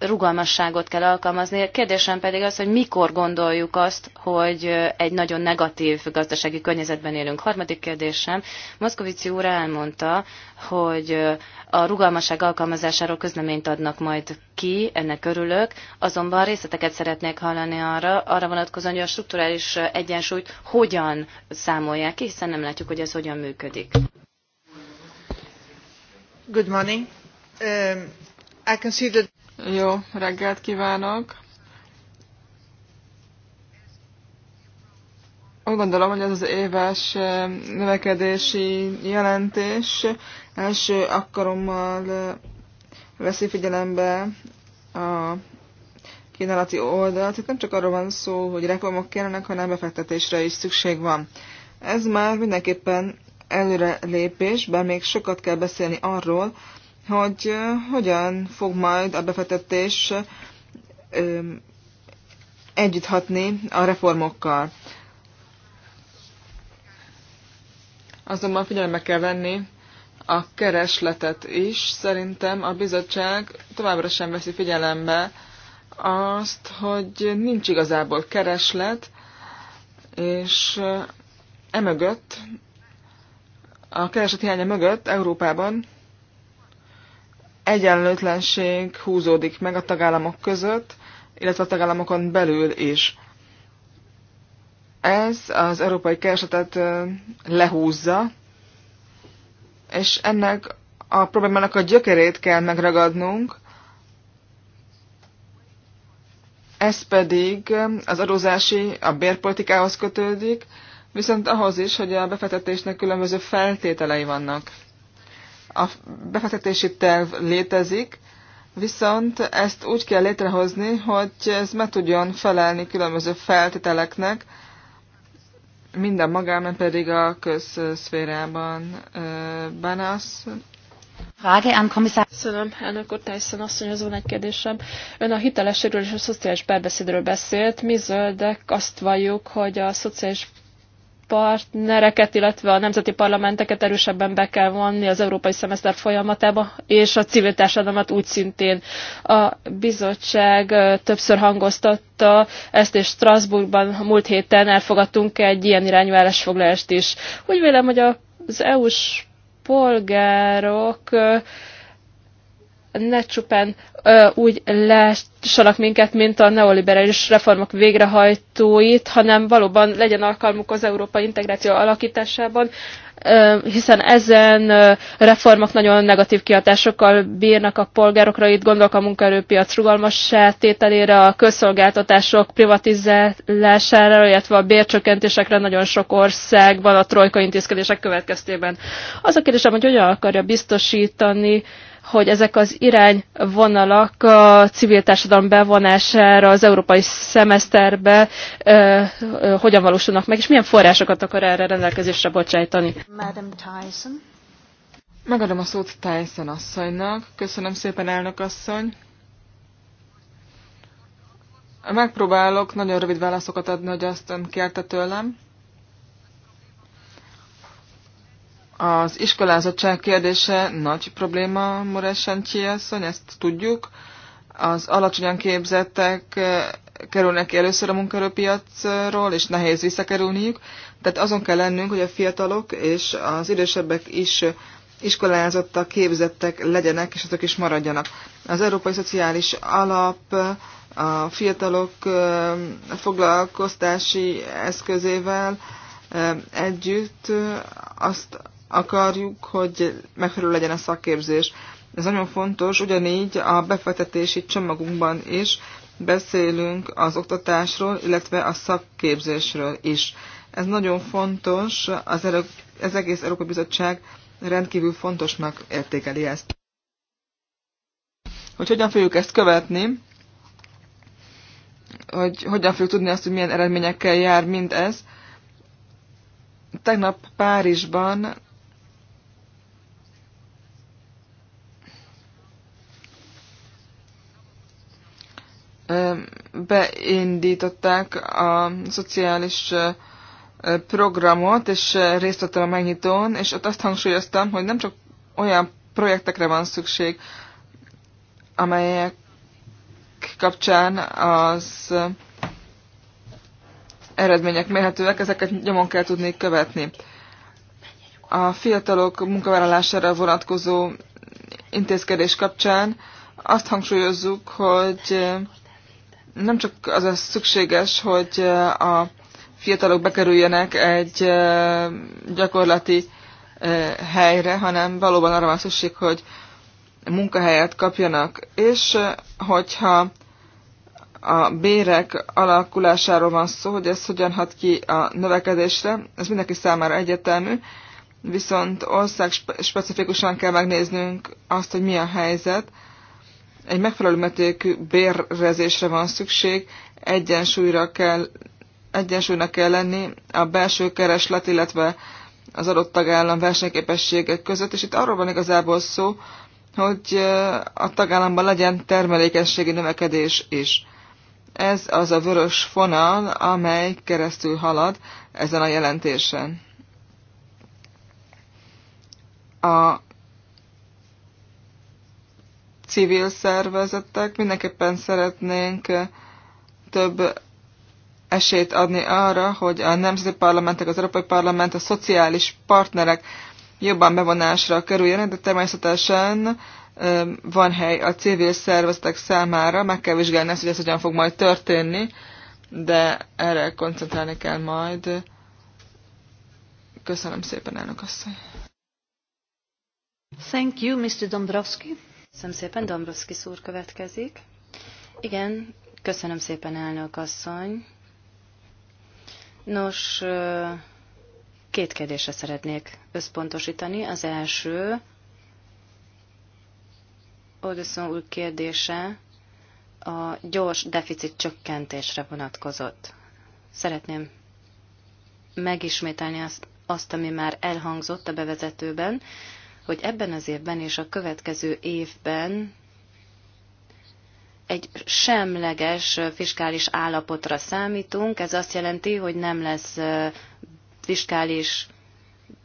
rugalmasságot kell alkalmazni. Kérdésem pedig az, hogy mikor gondoljuk azt, hogy egy nagyon negatív gazdasági környezetben élünk. Harmadik kérdésem, Moszkovici úr elmondta, hogy a rugalmasság alkalmazásáról közleményt adnak majd ki, ennek örülök, azonban részleteket szeretnék hallani arra, arra vonatkozóan, hogy a strukturális egyensúlyt hogyan számolják ki, hiszen nem látjuk, hogy ez hogyan működik. Good morning. Um, I consider jó reggelt kívánok! Úgy gondolom, hogy ez az éves növekedési jelentés első akarommal veszi figyelembe a kínálati oldalt. Itt nem csak arról van szó, hogy reklamok kellene, hanem befektetésre is szükség van. Ez már mindenképpen előre lépés, bár még sokat kell beszélni arról, hogy hogyan fog majd a befektetés együtthatni a reformokkal. Azonban figyelembe kell venni a keresletet is. Szerintem a bizottság továbbra sem veszi figyelembe azt, hogy nincs igazából kereslet, és emögött, a kereslet hiánya mögött Európában egyenlőtlenség húzódik meg a tagállamok között, illetve a tagállamokon belül is. Ez az európai keresetet lehúzza, és ennek a problémának a gyökerét kell megragadnunk, ez pedig az adózási, a bérpolitikához kötődik, viszont ahhoz is, hogy a befektetésnek különböző feltételei vannak a befektetési terv létezik, viszont ezt úgy kell létrehozni, hogy ez meg tudjon felelni különböző feltételeknek, minden magában pedig a közszférában. Bánász Köszönöm, elnök úr azt mondja, van egy kérdésem. Ön a hitelességről és a szociális párbeszédről beszélt. Mi zöldek azt valljuk, hogy a szociális partnereket, illetve a nemzeti parlamenteket erősebben be kell vonni az európai szemeszter folyamatába, és a civil társadalmat úgy szintén a bizottság többször hangoztatta ezt, és Strasbourgban múlt héten elfogadtunk egy ilyen irányú állásfoglalást is. Úgy vélem, hogy az EU-s polgárok ne csupán ö, úgy lássanak minket, mint a neoliberális reformok végrehajtóit, hanem valóban legyen alkalmuk az európai integráció alakításában, ö, hiszen ezen ö, reformok nagyon negatív kihatásokkal bírnak a polgárokra, itt gondolok a munkaerőpiac rugalmassá tételére, a közszolgáltatások privatizálására, illetve a bércsökkentésekre nagyon sok országban a trojka intézkedések következtében. Az a kérdésem, hogy hogyan akarja biztosítani, hogy ezek az irányvonalak a civil társadalom bevonására az európai szemeszterbe e, e, hogyan valósulnak meg, és milyen forrásokat akar erre rendelkezésre bocsájtani. Madam Tyson. Megadom a szót Tyson asszonynak. Köszönöm szépen, elnök asszony. Megpróbálok nagyon rövid válaszokat adni, hogy azt ön kérte tőlem. Az iskolázottság kérdése nagy probléma, Mores asszony, ezt tudjuk. Az alacsonyan képzettek eh, kerülnek először a munkaerőpiacról, és nehéz visszakerülniük. Tehát azon kell lennünk, hogy a fiatalok és az idősebbek is iskolázottak, képzettek legyenek, és azok is maradjanak. Az Európai Szociális Alap a fiatalok eh, foglalkoztási eszközével eh, együtt azt akarjuk, hogy megfelelő legyen a szakképzés. Ez nagyon fontos, ugyanígy a befektetési csomagunkban is beszélünk az oktatásról, illetve a szakképzésről is. Ez nagyon fontos, az, az egész Európai Bizottság rendkívül fontosnak értékeli ezt. Hogy hogyan fogjuk ezt követni, hogy hogyan fogjuk tudni azt, hogy milyen eredményekkel jár mindez. Tegnap Párizsban beindították a szociális programot, és részt vettem a megnyitón, és ott azt hangsúlyoztam, hogy nem csak olyan projektekre van szükség, amelyek kapcsán az eredmények mérhetőek, ezeket nyomon kell tudni követni. A fiatalok munkavállalására vonatkozó intézkedés kapcsán azt hangsúlyozzuk, hogy nem csak az a szükséges, hogy eh, a fiatalok bekerüljenek egy eh, gyakorlati eh, helyre, hanem valóban arra van szükség, hogy munkahelyet kapjanak. És hogyha a bérek alakulásáról van szó, hogy ez hogyan hat ki a növekedésre, ez mindenki számára egyetemű, viszont ország specifikusan kell megnéznünk azt, hogy mi a helyzet, egy megfelelő mértékű bérrezésre van szükség, egyensúlyra kell, egyensúlynak kell lenni a belső kereslet, illetve az adott tagállam versenyképességek között, és itt arról van igazából szó, hogy a tagállamban legyen termelékenységi növekedés is. Ez az a vörös fonal, amely keresztül halad ezen a jelentésen. A civil szervezetek. Mindenképpen szeretnénk eh, több esélyt adni arra, hogy a nemzeti parlamentek, az Európai Parlament, a szociális partnerek jobban bevonásra kerüljenek, de természetesen eh, van hely a civil szervezetek számára, meg kell vizsgálni ezt, hogy ez hogyan fog majd történni, de erre koncentrálni kell majd. Köszönöm szépen, elnök asszony. Thank you, Mr. Dombrovski. Köszönöm szépen, Dombrovszki úr következik. Igen, köszönöm szépen, elnök asszony. Nos, két kérdésre szeretnék összpontosítani. Az első, Olduszon úr kérdése a gyors deficit csökkentésre vonatkozott. Szeretném megismételni azt, azt, ami már elhangzott a bevezetőben, hogy ebben az évben és a következő évben egy semleges fiskális állapotra számítunk. Ez azt jelenti, hogy nem lesz fiskális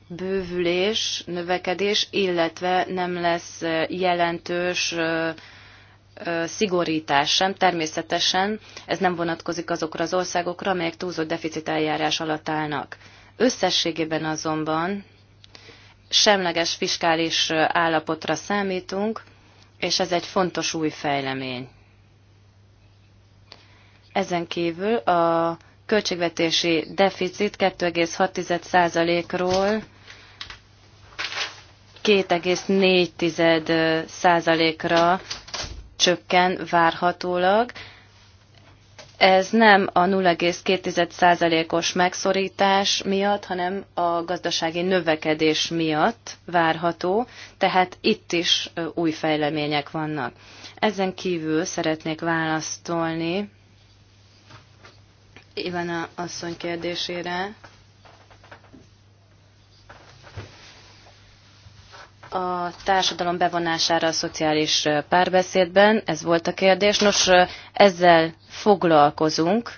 bővülés, növekedés, illetve nem lesz jelentős szigorítás sem. Természetesen ez nem vonatkozik azokra az országokra, amelyek túlzott deficit eljárás alatt állnak. Összességében azonban semleges fiskális állapotra számítunk, és ez egy fontos új fejlemény. Ezen kívül a költségvetési deficit 2,6%-ról 2,4%-ra csökken várhatólag, ez nem a 0,2%-os megszorítás miatt, hanem a gazdasági növekedés miatt várható, tehát itt is új fejlemények vannak. Ezen kívül szeretnék választolni Ivana asszony kérdésére, a társadalom bevonására a szociális párbeszédben, ez volt a kérdés. Nos, ezzel foglalkozunk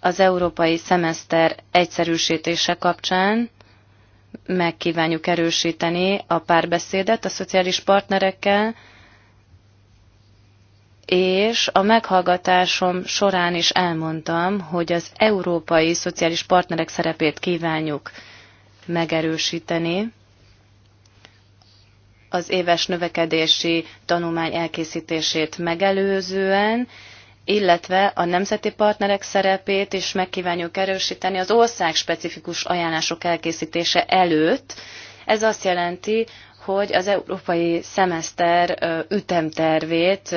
az európai szemeszter egyszerűsítése kapcsán. Megkívánjuk erősíteni a párbeszédet a szociális partnerekkel, és a meghallgatásom során is elmondtam, hogy az európai szociális partnerek szerepét kívánjuk megerősíteni az éves növekedési tanulmány elkészítését megelőzően, illetve a nemzeti partnerek szerepét is megkívánjuk erősíteni az ország specifikus ajánlások elkészítése előtt. Ez azt jelenti, hogy az európai szemeszter ütemtervét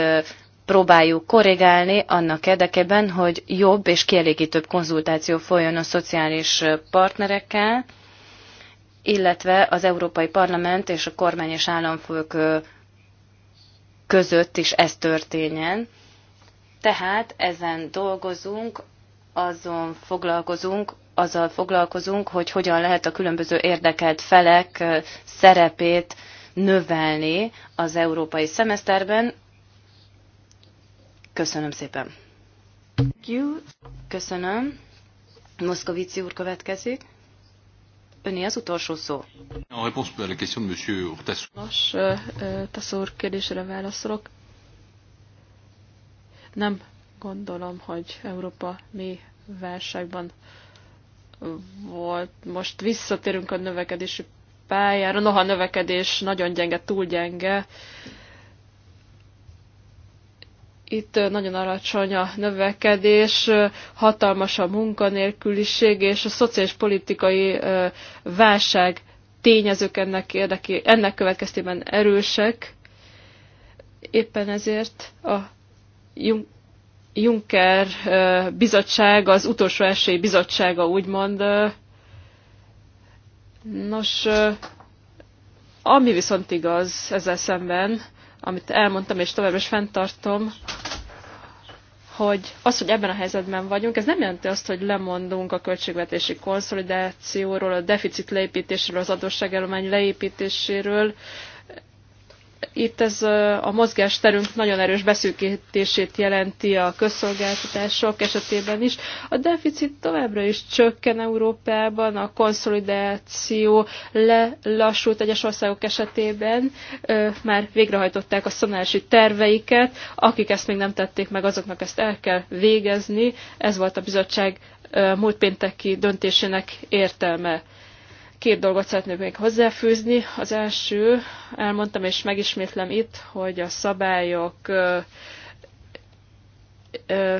próbáljuk korrigálni annak érdekében, hogy jobb és kielégítőbb konzultáció folyjon a szociális partnerekkel, illetve az Európai Parlament és a kormány és államfők között is ez történjen. Tehát ezen dolgozunk, azon foglalkozunk, azzal foglalkozunk, hogy hogyan lehet a különböző érdekelt felek szerepét növelni az európai szemeszterben. Köszönöm szépen. Köszönöm. Moszkovici úr következik. Öné az utolsó szó. Nos, Tasz úr kérdésre válaszolok. Nem gondolom, hogy Európa mi válságban volt. Most visszatérünk a növekedési pályára. Noha a növekedés nagyon gyenge, túl gyenge, itt nagyon alacsony a növekedés, hatalmas a munkanélküliség és a szociális politikai válság tényezők ennek, érdeké, ennek következtében erősek. Éppen ezért a Juncker bizottság, az utolsó esély bizottsága úgymond. Nos, ami viszont igaz ezzel szemben, amit elmondtam, és továbbra is fenntartom, hogy az, hogy ebben a helyzetben vagyunk, ez nem jelenti azt, hogy lemondunk a költségvetési konszolidációról, a deficit leépítéséről, az adósságállomány leépítéséről, itt ez a mozgásterünk nagyon erős beszűkítését jelenti a közszolgáltatások esetében is. A deficit továbbra is csökken Európában, a konszolidáció lelassult egyes országok esetében, már végrehajtották a szanási terveiket, akik ezt még nem tették meg, azoknak ezt el kell végezni. Ez volt a bizottság múlt pénteki döntésének értelme. Két dolgot szeretnék még hozzáfűzni. Az első, elmondtam és megismétlem itt, hogy a szabályok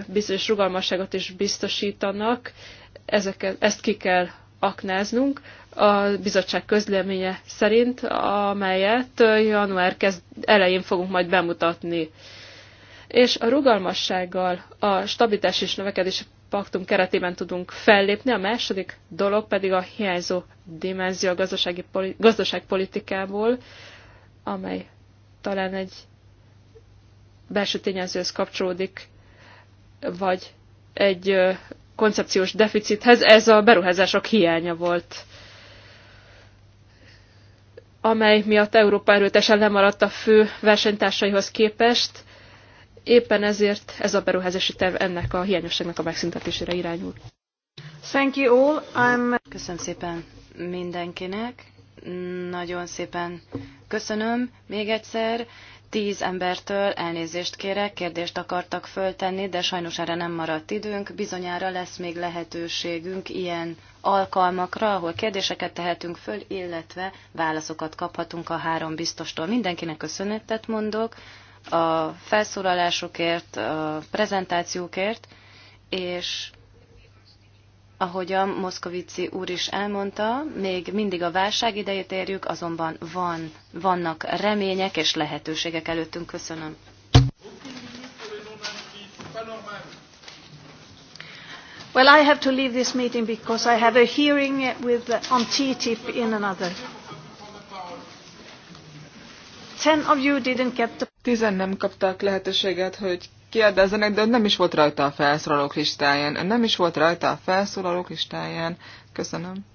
bizonyos rugalmasságot is biztosítanak, ezeket, ezt ki kell aknáznunk a bizottság közleménye szerint, amelyet január kezd, elején fogunk majd bemutatni. És a rugalmassággal, a stabilitás és növekedési paktum keretében tudunk fellépni, a második dolog pedig a hiányzó dimenzió a gazdasági poli- gazdaságpolitikából, amely talán egy belső tényezőhöz kapcsolódik, vagy egy koncepciós deficithez, ez a beruházások hiánya volt, amely miatt Európa erőtesen lemaradt a fő versenytársaihoz képest, Éppen ezért ez a beruházási terv ennek a hiányosságnak a megszüntetésére irányul. Thank you all. I'm... Köszönöm szépen mindenkinek. Nagyon szépen köszönöm még egyszer. Tíz embertől elnézést kérek, kérdést akartak föltenni, de sajnos erre nem maradt időnk. Bizonyára lesz még lehetőségünk ilyen alkalmakra, ahol kérdéseket tehetünk föl, illetve válaszokat kaphatunk a három biztostól. Mindenkinek köszönetet mondok a felszólalásokért, a prezentációkért, és ahogy a Moszkovici úr is elmondta, még mindig a válság idejét érjük, azonban van, vannak remények és lehetőségek előttünk. Köszönöm. Well, I have to leave this meeting because I have a hearing with the, on TTIP in another. Ten of you didn't get the Tizen nem kaptak lehetőséget, hogy kérdezzenek, de nem is volt rajta a felszólalók listáján. Nem is volt rajta a felszólalók listáján. Köszönöm.